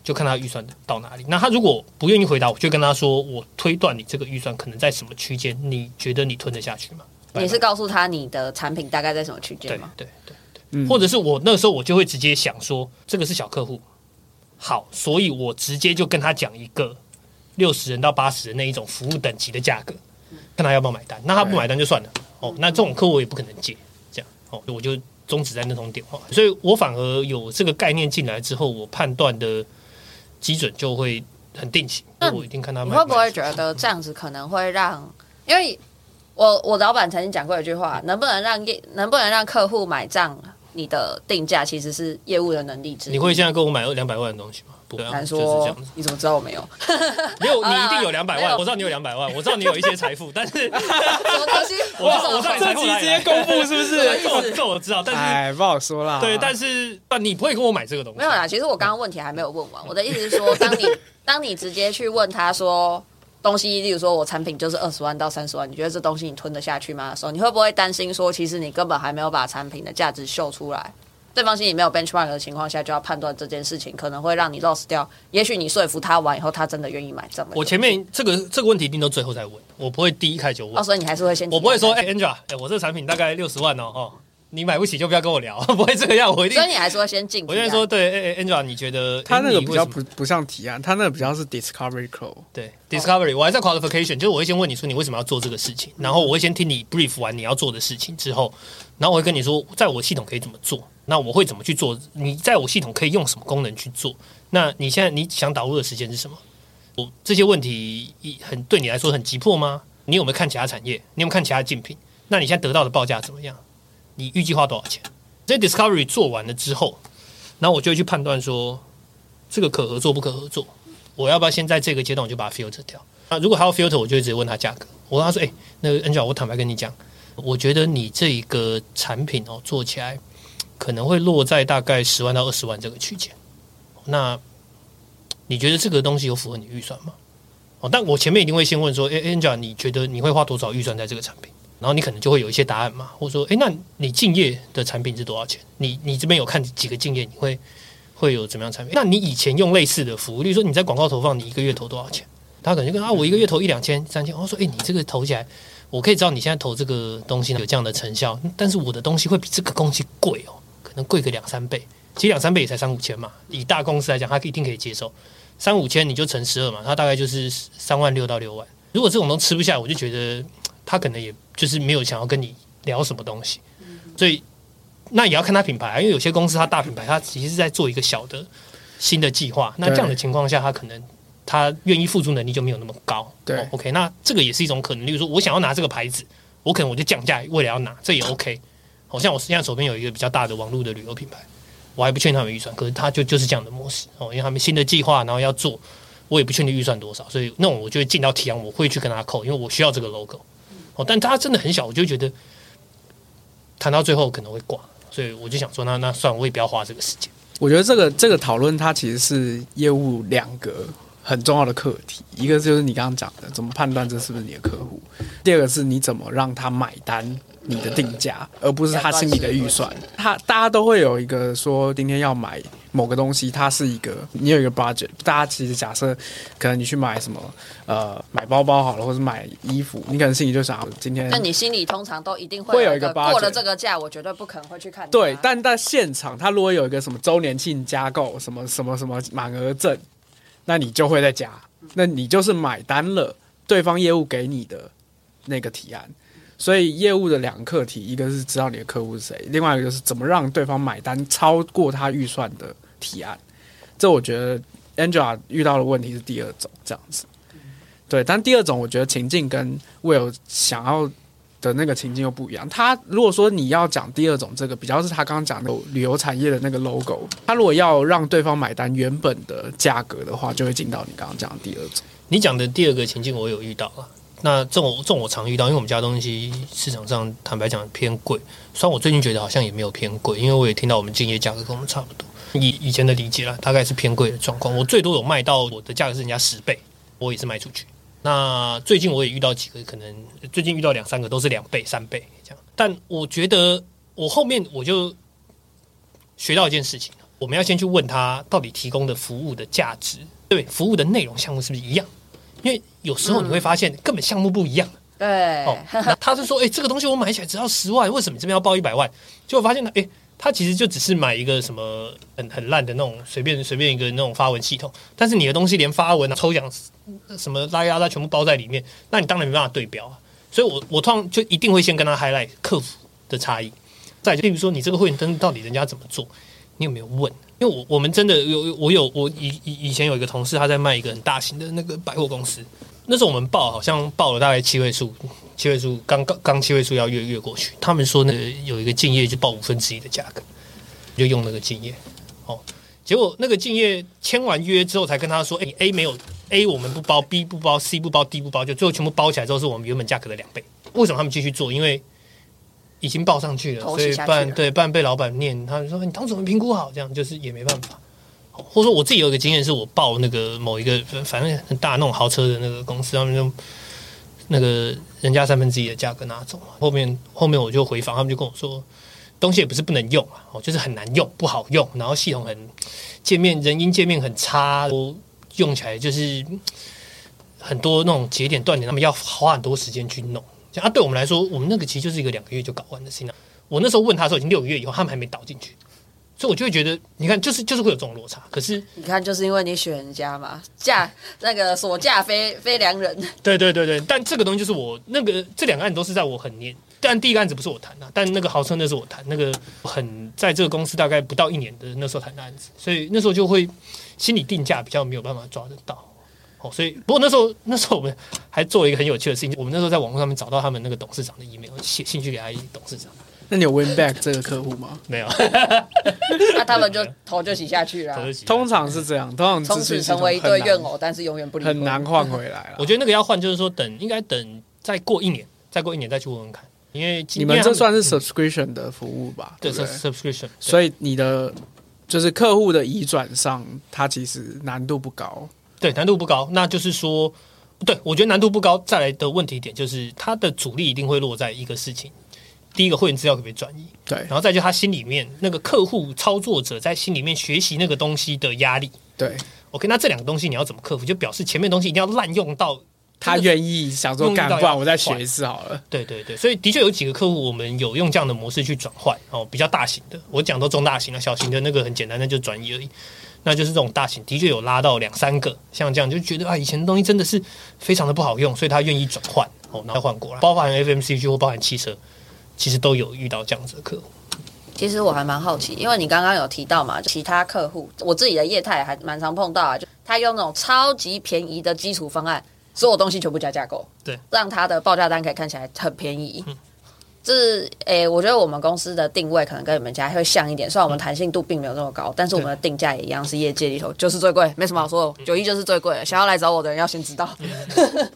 就看他預算的到哪裡。那他如果不願意回答，我就跟他說：“我推斷你這個預算可能在什麼區間？你覺得你吞得下去嗎？”也是告訴他你的產品大概在什麼區間，對嗎？對對對，對，嗯、或者是我那時候我就會直接想說，這個是小客戶，好，所以我直接就跟他講一個六十人到八十人那一種服務等級的價格，看他要不要買單。那他不買單就算了，哦，那這種客戶我也不可能接，這樣哦，我就終止在那通電話。所以我反而有這個概念進來之後，我判斷的。基準就會很定型，那、嗯、你會不會覺得這樣子可能會讓？因為我我老板曾經講過一句話，嗯、能不能讓業，能不能讓客戶買賬？你的定價其實是業務的能力值。你會現在跟我買兩百萬的東西嗎？對啊，就是、說、就是、你怎麼知道我沒有？ 沒有，你一定有兩百萬，啊。我知道你有兩百萬，我知道你有一些財富， 但是什麼東西？ 我我直接公布是不是？這我知道，但是，是哎，不好說啦。對，但是但你不會跟我買這個東西。哎、沒有啦，其實我剛剛問題還沒有問完。 我的意思是說，當你當你直接去問他說東西，例如說我產品就是二十萬到三十萬，你覺得這東西你吞得下去嗎的時候，你會不會擔心說，其實你根本還沒有把產品的價值秀出來？對方心裡沒有 benchmark 的情況下，就要判斷這件事情可能會讓你 lost 掉。也許你說服他完以後，他真的願意買這麼。我前面這個這個問題一定都最後再問，我不會第一開就問。到時候你還是會先。我不會說，哎、欸、，Angela，、欸、我這個產品大概六十萬哦，哦，你買不起就不要跟我聊，不會這個樣。我一定。 所以你還是會先進？我先說對，Angela，你覺得他那個比較不不像提案，他那個比較是 discovery call。對，discovery、okay。我還在 qualification，就是我會先問你說你為什麼要做這個事情，然後我會先聽你 brief 完你要做的事情之後，然後我會跟你說，在我系統可以怎麼做。那我會怎麼去做？你在我系統可以用什麼功能去做？那你現在你想導入的時間是什麼？我這些問題很對你來說很急迫嗎？你有沒有看其他產業？你有沒有看其他競品？那你現在得到的報價怎麼樣？你預計花多少錢？這 discovery 做完了之後，那我就會去判斷說這個可合作不可合作？我要不要先在這個階段我就把它 filter 掉？那如果還要 filter，我就會直接問他價格。我跟他說：“哎，那個 Angela，我坦白跟你講，我覺得你這一個產品哦，做起來……”可能會落在大概十萬到二十萬這個區間，那你覺得這個東西有符合你預算嗎？哦，但我前面一定會先問說，誒 Angela 你覺得你會花多少預算在這個產品？然後你可能就會有一些答案嘛，或者說，誒、欸，那你敬業的產品是多少錢？你你這邊有看幾個敬業？你會會有怎麼樣產品？那你以前用類似的服務，例如說你在廣告投放，你一個月投多少錢？他可能就跟啊，我一個月投一兩千、三千。我說，誒、欸，你這個投起來，我可以知道你現在投這個東西呢有這樣的成效，但是我的東西會比這個東西貴哦、喔。可能貴個兩三倍，其實兩三倍也才三五千嘛。以大公司來講，他一定可以接受。三五千你就乘十二嘛，他大概就是三萬六到六萬。如果這種都吃不下，我就覺得他可能也就是沒有想要跟你聊什麼東西。所以那也要看他品牌，因為有些公司它大品牌，它其實是在做一個小的新的計劃。那這樣的情況下，他可能他願意付出能力就沒有那麼高。對，哦，OK，那這個也是一種可能。例如說，我想要拿這個牌子，我可能我就降價，為了要拿，這也 OK。好像我現在手邊有一個比較大的網絡的旅遊品牌，我還不確定他們預算，可是他就就是這樣的模式哦，因為他們新的計劃，然後要做，我也不確定預算多少，所以那我就會進到提案，我會去跟他扣，因為我需要這個 logo 哦，但他真的很小，我就覺得談到最後可能會掛，所以我就想說，那那算我也不要花這個時間。我覺得這個這個討論它其實是業務兩個很重要的課題，一個就是你剛剛講的怎麼判斷這是不是你的客戶，第二個是你怎麼讓他買單。你的定價，而不是他心裡的預算。他大家都會有一個說，今天要買某個東西，它是一個你有一個 budget。大家其實假設，可能你去買什麼，呃，買包包好了，或者買衣服，你可能心裡就想今天。那你心裡通常都一定會有一個,有一個 budget, 過了這個價，我絕對不可能會去看。對，但在現場，他如果有一個什麼周年慶加購，什麼什麼什麼滿額贈，那你就會再加，那你就是買單了對方業務給你的那個提案。所以業務的兩個課題，一個是知道你的客戶是誰，另外一個就是怎麼讓對方買單超過他預算的提案。這我覺得 Angela 遇到的問題是第二種這樣子。對，但第二種我覺得情境跟 Will 想要的那個情境又不一樣。他如果說你要講第二種這個，比較是他剛剛講的旅遊產業的那個 logo，他如果要讓對方買單原本的價格的話，就會進到你剛剛講的第二種。你講的第二個情境，我有遇到啊。那這種這種我常遇到，因為我們家東西市場上坦白講偏貴，雖然我最近覺得好像也沒有偏貴，因為我也聽到我們競業價格跟我們差不多。以以前的理解啦，大概是偏貴的狀況。我最多有賣到我的價格是人家十倍，我也是賣出去。那最近我也遇到幾個，可能最近遇到兩三個都是兩倍、三倍這樣。但我覺得我後面我就學到一件事情，我們要先去問他到底提供的服務的價值，對，服務的內容項目是不是一樣？因為有時候你會發現根本項目不一樣、嗯，嗯、對，哦，那他是說，誒、欸，這個東西我買起來只要十萬，為什麼你這邊要報一百萬？結果發現呢，誒、欸，他其實就只是買一個什麼很很爛的那種，隨便隨便一個那種發文系統，但是你的東西連發文啊、抽獎什麼拉拉拉全部包在裡面，那你當然沒辦法對標啊。所以我，我我通常就一定會先跟他 highlight 客服的差異，再，就比如說你這個會員登錄到底人家怎麼做，你有沒有問？因為我我們真的有我有我以以以前有一個同事他在賣一個很大型的那個百貨公司，那時候我們報好像報了大概七位數，七位數剛剛剛七位數要越越過去，他們說那個有一個競業就報五分之一的價格，就用那個競業，哦、喔，結果那個競業簽完約之後才跟他說，誒、欸、，A 沒有 A 我們不包，B 不包，C 不包，D 不包，就最後全部包起來之後是我們原本價格的兩倍，為什麼他們繼續做？因為已經報上去了，去了，所以不然，對不然被老闆念，他就說你當怎麼評估好？這樣就是也沒辦法。或者說我自己有一個經驗，是我報那個某一個反正很大那種豪車的那個公司，他們就那個人家三分之一的價格拿走。後面後面我就回訪，他們就跟我說，東西也不是不能用啊，哦，就是很難用，不好用，然後系統很界面人因界面很差，我用起來就是很多那種節點斷點，他們要花很多時間去弄。啊，對我們來說，我們那個其實就是一個兩個月就搞完的 case。我那時候問他的時候已經六個月以後，他們還沒倒進去，所以我就會覺得，你看，就是就是會有這種落差。可是你看，就是因為你選人家嘛，嫁那個所嫁非非良人。對對對對，但這個東西就是我那個這兩個案子都是在我很年，但第一個案子不是我談的、啊，但那個豪車那是我談，那個很在這個公司大概不到一年的那時候談的案子，所以那時候就會心理定價比較沒有辦法抓得到。哦，所以不過那時候，那時候我們還做了一個很有趣的事情。我們那時候在網絡上面找到他們那個董事長的 email，寫信去給他董事長。那你有 win back 這個客戶嗎？沒 有 啊。那 他們就 頭就洗下去了。通常是這樣，通常從此成為一對怨偶，但是永遠不離婚。很難換回來了。 我覺得那個要換，就是說等，應該等再過一年，再過一年再去問問看。因為們你們這算是 subscription 的服務吧？嗯、對，對，subscription 對。所以你的就是客戶的移轉上，它其實難度不高。對，難度不高。那就是說，對我覺得難度不高。再來的問題點就是，他的阻力一定會落在一個事情：第一個，會員資料可不可以轉移？對，然後再就他心裡面那個客戶操作者在心裡面學習那個東西的壓力。對，OK，那這兩個東西你要怎麼克服？就表示前面東西一定要濫用到他願意想做幹話，我再學一次好了。對對對，所以的確有幾個客戶我們有用這樣的模式去轉換哦，比較大型的。我講都中大型了，小型的那個很簡單，那就轉移而已。那就是這種大型的確有拉到兩三個，像這樣就覺得啊，以前的東西真的是非常的不好用，所以他願意轉換哦，然後換過來，包含 FMCG 或包含汽車，其實都有遇到這樣子的客戶。其實我還蠻好奇，因為你剛剛有提到嘛，其他客戶我自己的業態還蠻常碰到啊，就他用那種超級便宜的基礎方案，所有東西全部加價購，對，讓他的報價單可以看起來很便宜。嗯是誒、欸，我覺得我們公司的定位可能跟你們家會像一點，雖然我們彈性度並沒有那麼高，嗯，但是我們的定價也一樣是業界裡頭就是最貴，沒什麼好說，九、嗯、億就是最貴，嗯。想要來找我的人要先知道，嗯、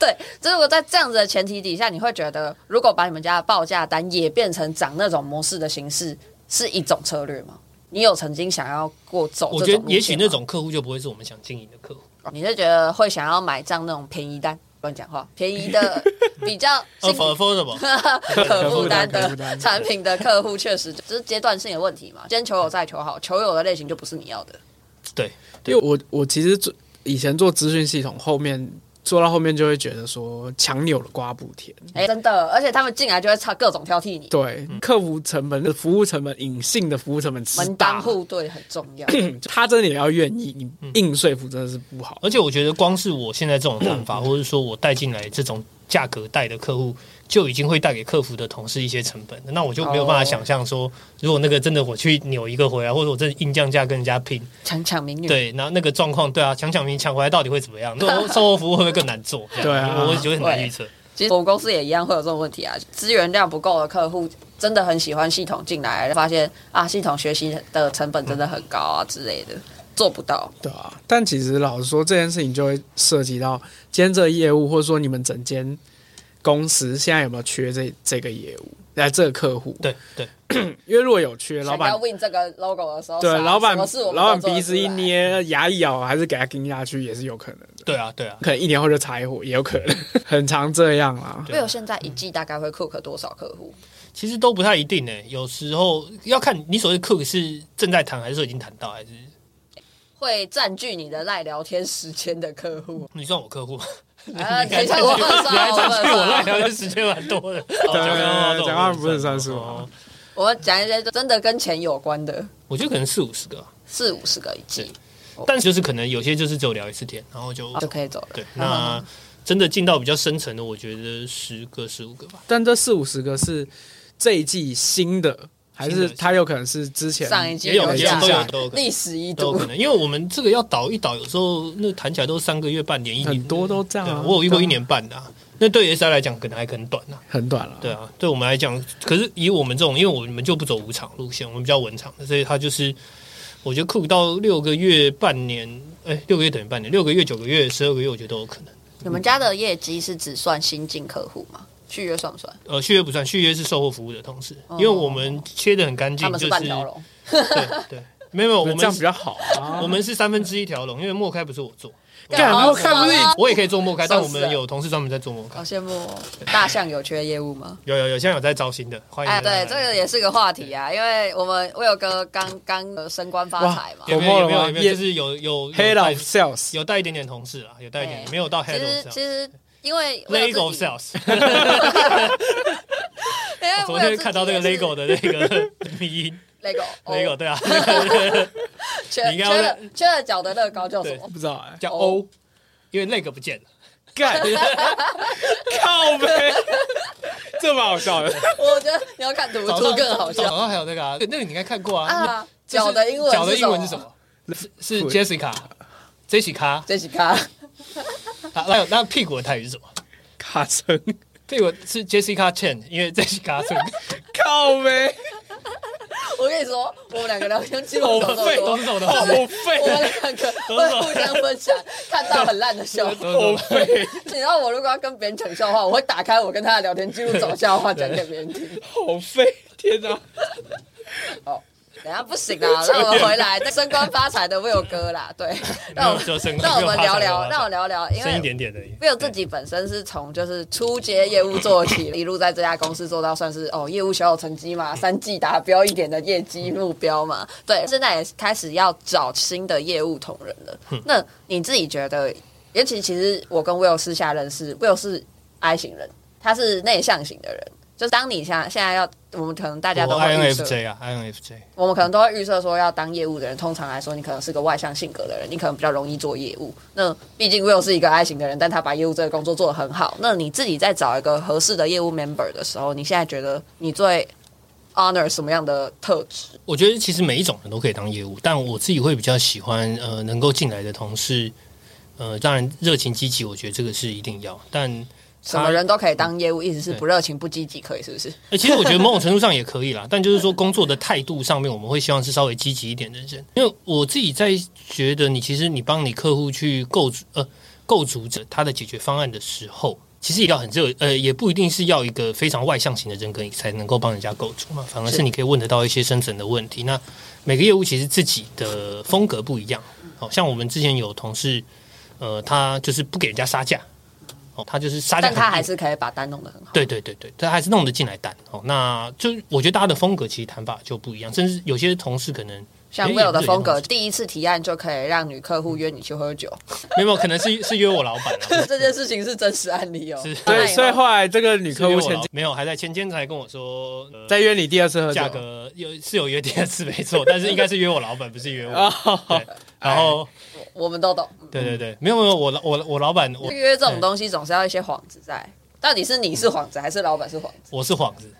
對。所以我如果在這樣子的前提底下，你會覺得如果把你們家的報價單也變成漲那種模式的形式，是一種策略嗎？你有曾經想要過走？我覺得也許那種客戶就不會是我們想經營的客戶。你是覺得會想要買這樣那種便宜單？講話便宜的比較 可負擔的產品的客戶，確實只是階段性的問題嘛。先求有再求好，求有的類型就不是你要的。 對，對，因為我我其實以前做資訊系統，後面。做到後面就會覺得說強扭的瓜不甜、欸，真的，而且他們進來就會差各種挑剔你。對，客服成本、的服務成本、隱性的服務成本，門當戶對很重要。 他真的也要願意，你硬說服真的是不好。而且我覺得光是我現在這種看法， 或者說我帶進來這種價格帶的客戶，就已經會帶給客服的同事一些成本，那我就沒有辦法想象說，如果那個真的我去扭一個回來，或者我真的硬降價跟人家拼，搶搶名額，對，那那個狀況，對啊，搶搶名搶回來到底會怎麼樣？那售後服務會不會更難做？ 對，啊對啊，我會覺得很難預測。其實我們公司也一樣會有這種問題啊，資源量不夠的客戶真的很喜歡系統進來，發現啊，系統學習的成本真的很高啊、嗯、之類的，做不到。對啊，但其實老實說，這件事情就會涉及到兼這業務，或者說你們整間。公司現在有沒有缺這這個業務？在、啊、這個客戶。對對， 因為如果有缺，老闆要 win 這個 logo 的時候，對老闆，老闆鼻子一捏，牙一咬、嗯，還是給他跟下去也是有可能的。對啊，對啊，可能一年後就柴火也有可能， 很常這樣啊。那有現在一季大概會 cook 多少客戶？嗯、其實都不太一定呢、欸。有時候要看你所謂 cook 是正在談還是說已經談到，還是會佔據你的賴聊天時間的客戶。你算我客戶嗎？啊，等一下，我亂說？我亂聊的時間蠻多的，oh。對，對，對，講話不是三十,十個。我講一些真的跟錢有關的。我覺得可能四五十個，四五十個一季。但是就是可能有些就是只有聊一次天，然後就就可以走了。對，那的真的進到比較深層的，我覺得十個十五個吧。但這四五十個是這一季新的。還是他有可能是之前上一屆也有這樣都有都，有都有可能，歷史一都有可能，因為我們這個要倒一倒，有時候那談起來都三個月、半年、一年，很多都這樣、啊對。我有遇過一年半的、啊啊，那對 SI 來講可能還很短了、啊、很短了、啊。對啊，對我們來講，可是以我們這種，因為我們就不走無償路線，我們比較穩場，所以他就是，我覺得酷到六個月、半年，哎、欸，六個月等於半年，六個月、九個月、十二個月，我覺得都有可能。你、嗯、們家的業績是只算新進客戶嗎？續約算不算？呃，續約不算，續約是售後服務的同事，因為我們切得很乾淨、哦，就是 對對，沒有我們這樣比較好、啊。 我們是三分之一條龍，因為陌開不是我做，幹陌開不是我也可以做陌開、啊，但我們有同事專門在做陌開。好、啊、羨慕大橡有缺業務嗎？有 有有，現在有在招新的，歡迎。哎，對，這個也是個話題啊，因為我們我有個剛剛升官發財嘛，有沒有？有沒有？就是有有。Head of Sales 有帶一點點同事啊，有帶一點，欸、沒有到 Head of Sales 因為 Lego sales，我、 哦、昨天看到那個 Lego 的那個迷因 雷果 ，Lego，Lego、 哦、對啊，缺缺缺了腳的樂 高叫什麼？不知道、欸、叫 O，o 因為那個不見了，幹， 靠北，這麼好笑的？ 我覺得你要看怎麼做更好笑。然後還有那個啊，那個你應該看過啊，腳、啊、的英文，腳的英文是什麼？是是 Jessica，Jessica，Jessica。 那、啊、那屁股的台語是什麼？卡森，屁股是 Jessica Chen，因為這是卡森 靠唄！我跟你說，我們兩個聊天記錄走走多多走，走，走，我們兩個會互相分享看到很爛的、的笑話。好廢！你知道我如果要跟別人講笑話，我會打開我跟他的聊天記錄找笑話講給別人聽。 好廢！天哪！等下不行啊，讓 我們回來再升官發財的 Will 哥啦。對，讓我們讓我們聊聊，讓我聊聊，因為 Will 自己本身是從就是初階業務做起，一路在這家公司做到算是哦業務小有成績嘛，三季達標一點的業績目標嘛。對，現在也開始要找新的業務同仁了、嗯。那你自己覺得，尤其其實我跟 Will 私下認識 ，Will 是 I 型人，他是內向型的人。就是當你想，現在要，我們可能大家都 INFJ 啊，INFJ，我們可能都會預設說，要當業務的人，通常來說，你可能是個外向性格的人，你可能比較容易做業務。那畢竟 Will 是一個 I 型的人，但他把業務這個工作做得很好。那你自己在找一個合適的業務 member 的時候，你現在覺得你最 honor 什麼樣的特質？我覺得其實每一種人都可以當業務，但我自己會比較喜歡，呃，能夠進來的同事，呃，當然熱情積極，我覺得這個是一定要，但。什麼人都可以當業務，意思是不熱情不積極可以是不是？其實我覺得某種程度上也可以啦， 但就是說工作的態度上面，我們會希望是稍微積極一點的人。因為我自己在覺得，你其實你幫你客戶去構築呃構築者他的解決方案的時候，其實也要很熱呃，也不一定是要一個非常外向型的人格你才能夠幫人家構築嘛，反而是你可以問得到一些深層的問題。那每個業務其實自己的風格不一樣，像我們之前有同事，呃，他就是不給人家殺價。哦、他就是殺但他還是可以把單弄得很好。對對對對，他還是弄得進來單哦。那就我覺得大家的風格其實談法就不一樣，甚至有些同事可能像 Will 的風格、欸，第一次提案就可以讓女客戶約你去喝酒。嗯、 沒有，可能是是約我老板 這件事情是真實案例哦。對。所以後來這個女客戶沒有還在前天才跟我說、呃，在約你第二次喝酒，價格有是有約第二次沒錯， 但是應該是約我老板，不是約我。Oh, 對 okay. 然後。I'm... 我們都懂、嗯。對對對，沒有沒有，我我我老闆，約這種東西總是要一些幌子在。嗯、到底是你是幌子，嗯、還是老闆是幌子，啊？我是幌子。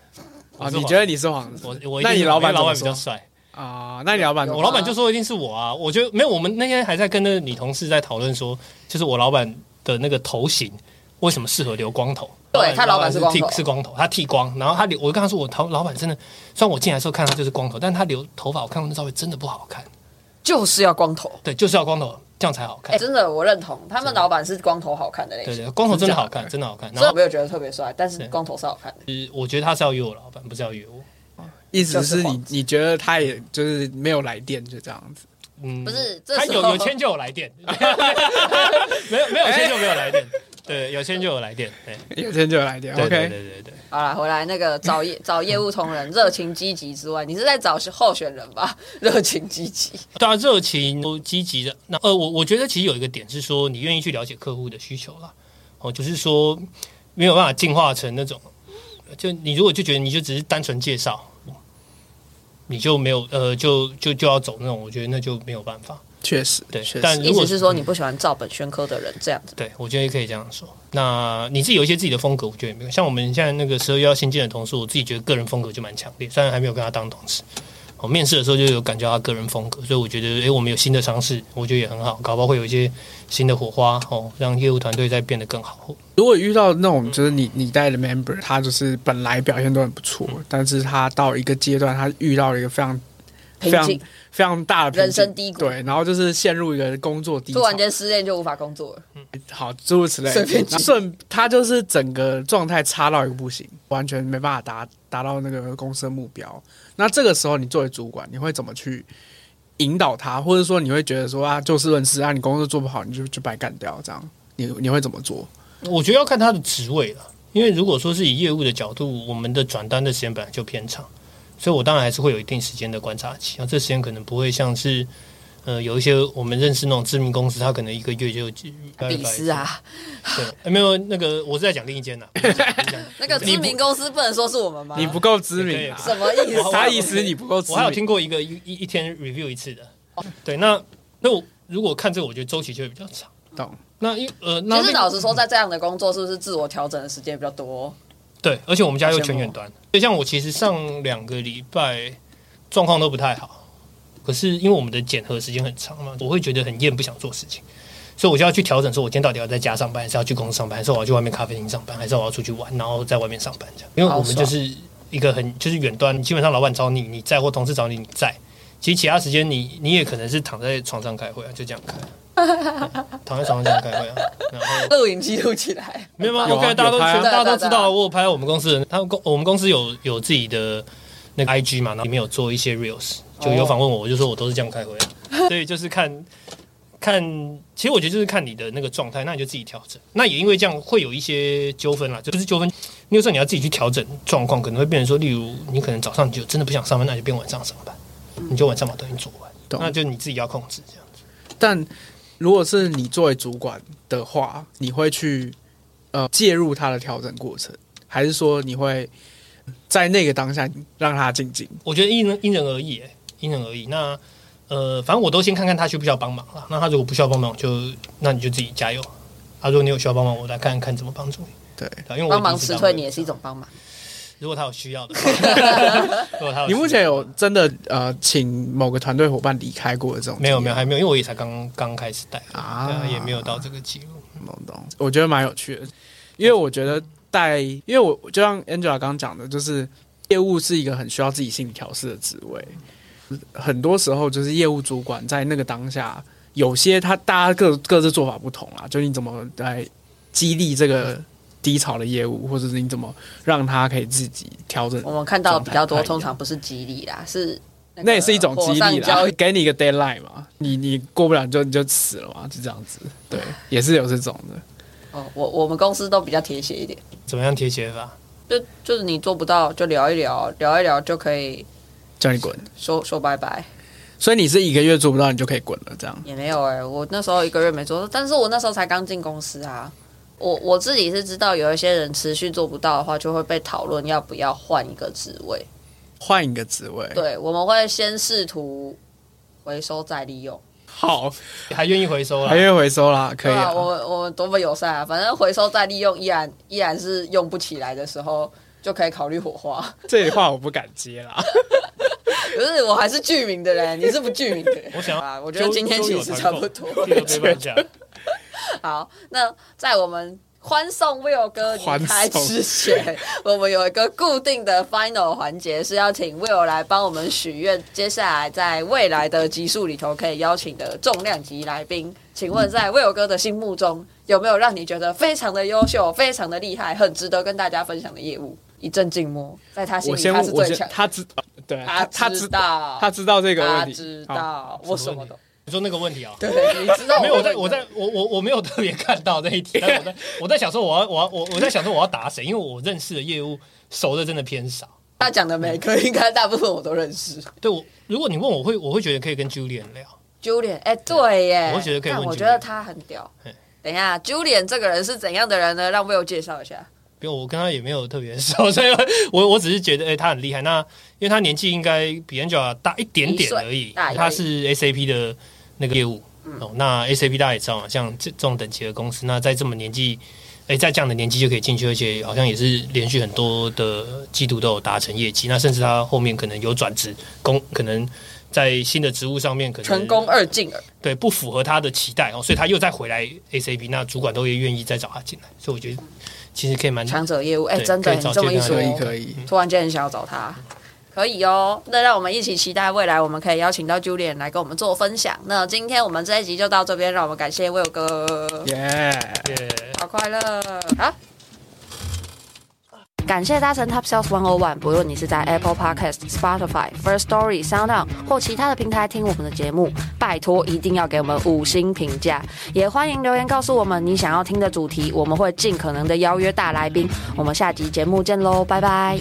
啊，你覺得你是幌子？是我我那你老闆老闆比較帥啊？那你老闆我老闆就說一定是我啊！我覺得沒有，我們那天還在跟那個女同事在討論說，就是我老闆的那個頭型為什麼適合留光頭？對他老闆是剃是，是光頭，他剃光，然後他留。我就跟他說我頭老闆真的，雖然我進來的時候看他就是光頭，但他留頭髮，我看過那照片真的不好看，就是要光頭，對，就是要光頭。這樣才好看，欸、真的我認同。他們老板是光頭，好看的那種對，對,對光頭真的好看，的真的好看。我沒有覺得特別帥，但是光頭是好看的。我覺得他是要約我老板，不是要約我。哦、意思是你，就是，你覺得他也就是沒有來電，就這樣子。嗯，不是，這是他有有錢就有來電， 沒有沒有錢就沒有來電。欸 對，有錢就有來電，對，有錢就有來電。OK，對對對，對。 好了，回來那個找找業務同仁，熱情積極之外，你是在找候選人吧？熱情積極，大家熱情都積極的。那呃，我我覺得其實有一個點是說，你願意去了解客戶的需求了，哦，就是說沒有辦法進化成那種，就你如果就覺得你就只是單純介紹，你就沒有呃，就就就要走那種，我覺得那就沒有辦法。確實對，實，但你只是說你不喜歡照本宣科的人，嗯，這樣子。對，我覺得也可以這樣說。那你自己有一些自己的風格，我覺得也沒有像我們現在那個時候要新進的同事，我自己覺得個人風格就蠻強烈。雖然還沒有跟他當同事，我，哦，面試的時候就有感覺到他個人風格，所以我覺得誒、欸，我們有新的嘗試，我覺得也很好，搞不好會有一些新的火花哦，讓業務團隊再變得更好。如果遇到那種就是你你帶的 member、嗯，他就是本來表現都很不錯，嗯，但是他到一個階段，他遇到了一個非常非常非常大的人生低谷，對，然後就是陷入一個工作低，突然間失戀就無法工作了。嗯、好，諸如此類，順他就是整個狀態差到一個不行，完全沒辦法達達到那個公司的目標。那這個時候，你作為主管，你會怎麼去引導他，或者說你會覺得說啊，就事論事，啊，你工作做不好，你就就白幹掉，這樣你你會怎麼做？我覺得要看他的職位了，因為如果說是以業務的角度，我們的轉單的時間本來就偏長。所以，我當然還是會有一定時間的觀察期啊，這時間可能不會像是，呃，有一些我們認識那種知名公司，他可能一個月就。比斯啊，對欸、沒有那個，我是在講另一間的 是講 那個知名公司不能說是我們嗎？你不夠知名、啊，什麼意思？啥意思？你不夠知名？我還有聽過一個一一,一天 review 一次的，哦、對，那那我如果看這個，我覺得周期就會比較長。懂、嗯。那因呃那、那個，其實老實說，在這樣的工作，是不是自我調整的時間比較多？對，而且我們家又全遠端，所以像我其實上兩個禮拜狀況都不太好，可是因為我們的檢核時間很長嘛，我會覺得很厭，不想做事情，所以我就要去調整，說我今天到底要在家上班，還是要去公司上班，還是我要去外面咖啡廳上班，還是我要出去玩，然後在外面上班這樣。因為我們就是一個很就是遠端，基本上老闆找你你在，或同事找你你在。其實其他時間你你也可能是躺在床上開會啊，就這樣開、啊 嗯，躺在床上這樣開會啊，然後錄影記錄起來，沒有嗎？有，大家都大家都知道、啊對對對，我有啊，我有拍、啊我有拍啊、我們公司的他們公我們公司有有自己的那個 IG 嘛，然後裡面有做一些 reels，就有訪問我，我就說我都是這樣開會、啊，所以就是看，看，其實我覺得就是看你的那個狀態，那你就自己調整。那也因為這樣會有一些糾紛啦，就是糾紛，因為說你要自己去調整狀況，可能會變成說，例如你可能早上你就真的不想上班，那就變晚上上班嗯，你就晚上把東西做完，那就你自己要控制這樣子。但如果是你作為主管的話，你會去呃介入他的調整過程，還是說你會在那個當下讓他靜靜？我覺得因人因人而異，因人而異，欸。那呃，反正我都先看看他需不需要幫忙了。那他如果不需要幫忙就，就那你就自己加油。他如果你有需要幫忙，我來看看看怎麼幫助你。對，因為我幫忙辭退你也是一種幫忙。如果他有需要的話，如果他有， 你目前有真的呃，請某個團隊伙伴離開過的這種？沒有沒有，還沒有，因為我也才剛剛開始帶的啊，也沒有到這個記錄。懂懂，我覺得蠻有趣的，因為我覺得帶，因為我就像 Angela 剛剛講的，就是業務是一個很需要自己心理調試的職位，嗯，很多時候就是業務主管在那個當下，有些他大家各各自做法不同啊，就你怎麼來激勵這個？嗯低潮的業務，或者是你怎麼讓他可以自己調整？我們看到的比較多，通常不是激勵啦，是那，那也是一種激勵，然、啊、給你一個 deadline 嘛，嗯、你你過不了你就你就死了嘛，就這樣子。對，嗯、也是有這種的。哦、我我們公司都比較鐵血一點。怎麼樣鐵血吧？就就是你做不到，就聊一聊，聊一聊就可以叫你滾，說說拜拜。所以你是一個月做不到，你就可以滾了，這樣？也沒有哎、欸，我那時候一個月沒做，但是我那時候才剛進公司啊。我我自己是知道，有一些人持續做不到的話，就會被討論要不要換一個職位，換一個職位。對，我們會先試圖回收再利用。好，還願意回收還願意回收啦，可以、啊啊。我我多麼友善啊！反正回收再利用，依然依然是用不起來的時候，就可以考慮火化。這話我不敢接啦， 不是，我還是具名的人，你是不具名的？ 我想啊，我覺得今天其實差不多，就這樣。 好，那在我們歡送 Will 哥離開之前， 我們有一個固定的 final 環節，是要請 Will 來幫我們許願。接下來在未來的集數裡頭，可以邀請的重量級來賓，請問在 Will 哥的心目中，有沒有讓你覺得非常的優秀、非常的厲害、很值得跟大家分享的業務？一陣靜默，在他心裡他是最強，他知，對，他他知，他知道，他知道這個問題，他知道我什麼都。你說那個問題啊、喔？對，你知道沒有？在我在我在我我我沒有特別看到那一題， 但我在我在想說我要我要我我在想說我要打誰？因為我認識的業務熟的真的偏少。他講的每個應該大部分我都認識。嗯、對，我如果你問我，會我會覺得可以跟 Julian 聊。Julian，哎、欸，對耶，對我會覺得可以問。問，我覺得他很屌。等一下，Julian 這個人是怎樣的人呢？讓 Will 介紹一下。不用，我跟他也沒有特別熟，所以我我只是覺得哎、欸，他很厲害。那因為他年紀應該比 Angela 大一點點而已，他是 SAP 的。那個業務，哦，那 SAP 大家也知道好像這這種等級的公司，那在這麼年紀，哎、欸，在這樣的年紀就可以進去，而且好像也是連續很多的季度都有達成業績，那甚至他後面可能有轉職，工可能在新的職務上面可能成功二進，對，不符合他的期待哦，所以他又再回來 SAP，那主管都會願意再找他進來，所以我覺得其實可以蠻強者業務，哎、欸，真的這麼可以,可以一，可以，突然間很想要找他。嗯可以哦，那讓我們一起期待未來，我們可以邀請到 Julian 來跟我們做分享。那今天我們這一集就到這邊，讓我們感謝 Will 哥，耶、yeah, yeah，好快樂啊！感謝搭乘 Top Sales One O One。不論你是在 Apple Podcast、Spotify、Firstory、Sound On 或其他的平台聽我們的節目，拜托一定要給我們五星評價，也歡迎留言告訴我們你想要聽的主題，我們會盡可能的邀約大來賓。我們下集節目見嘍，拜拜。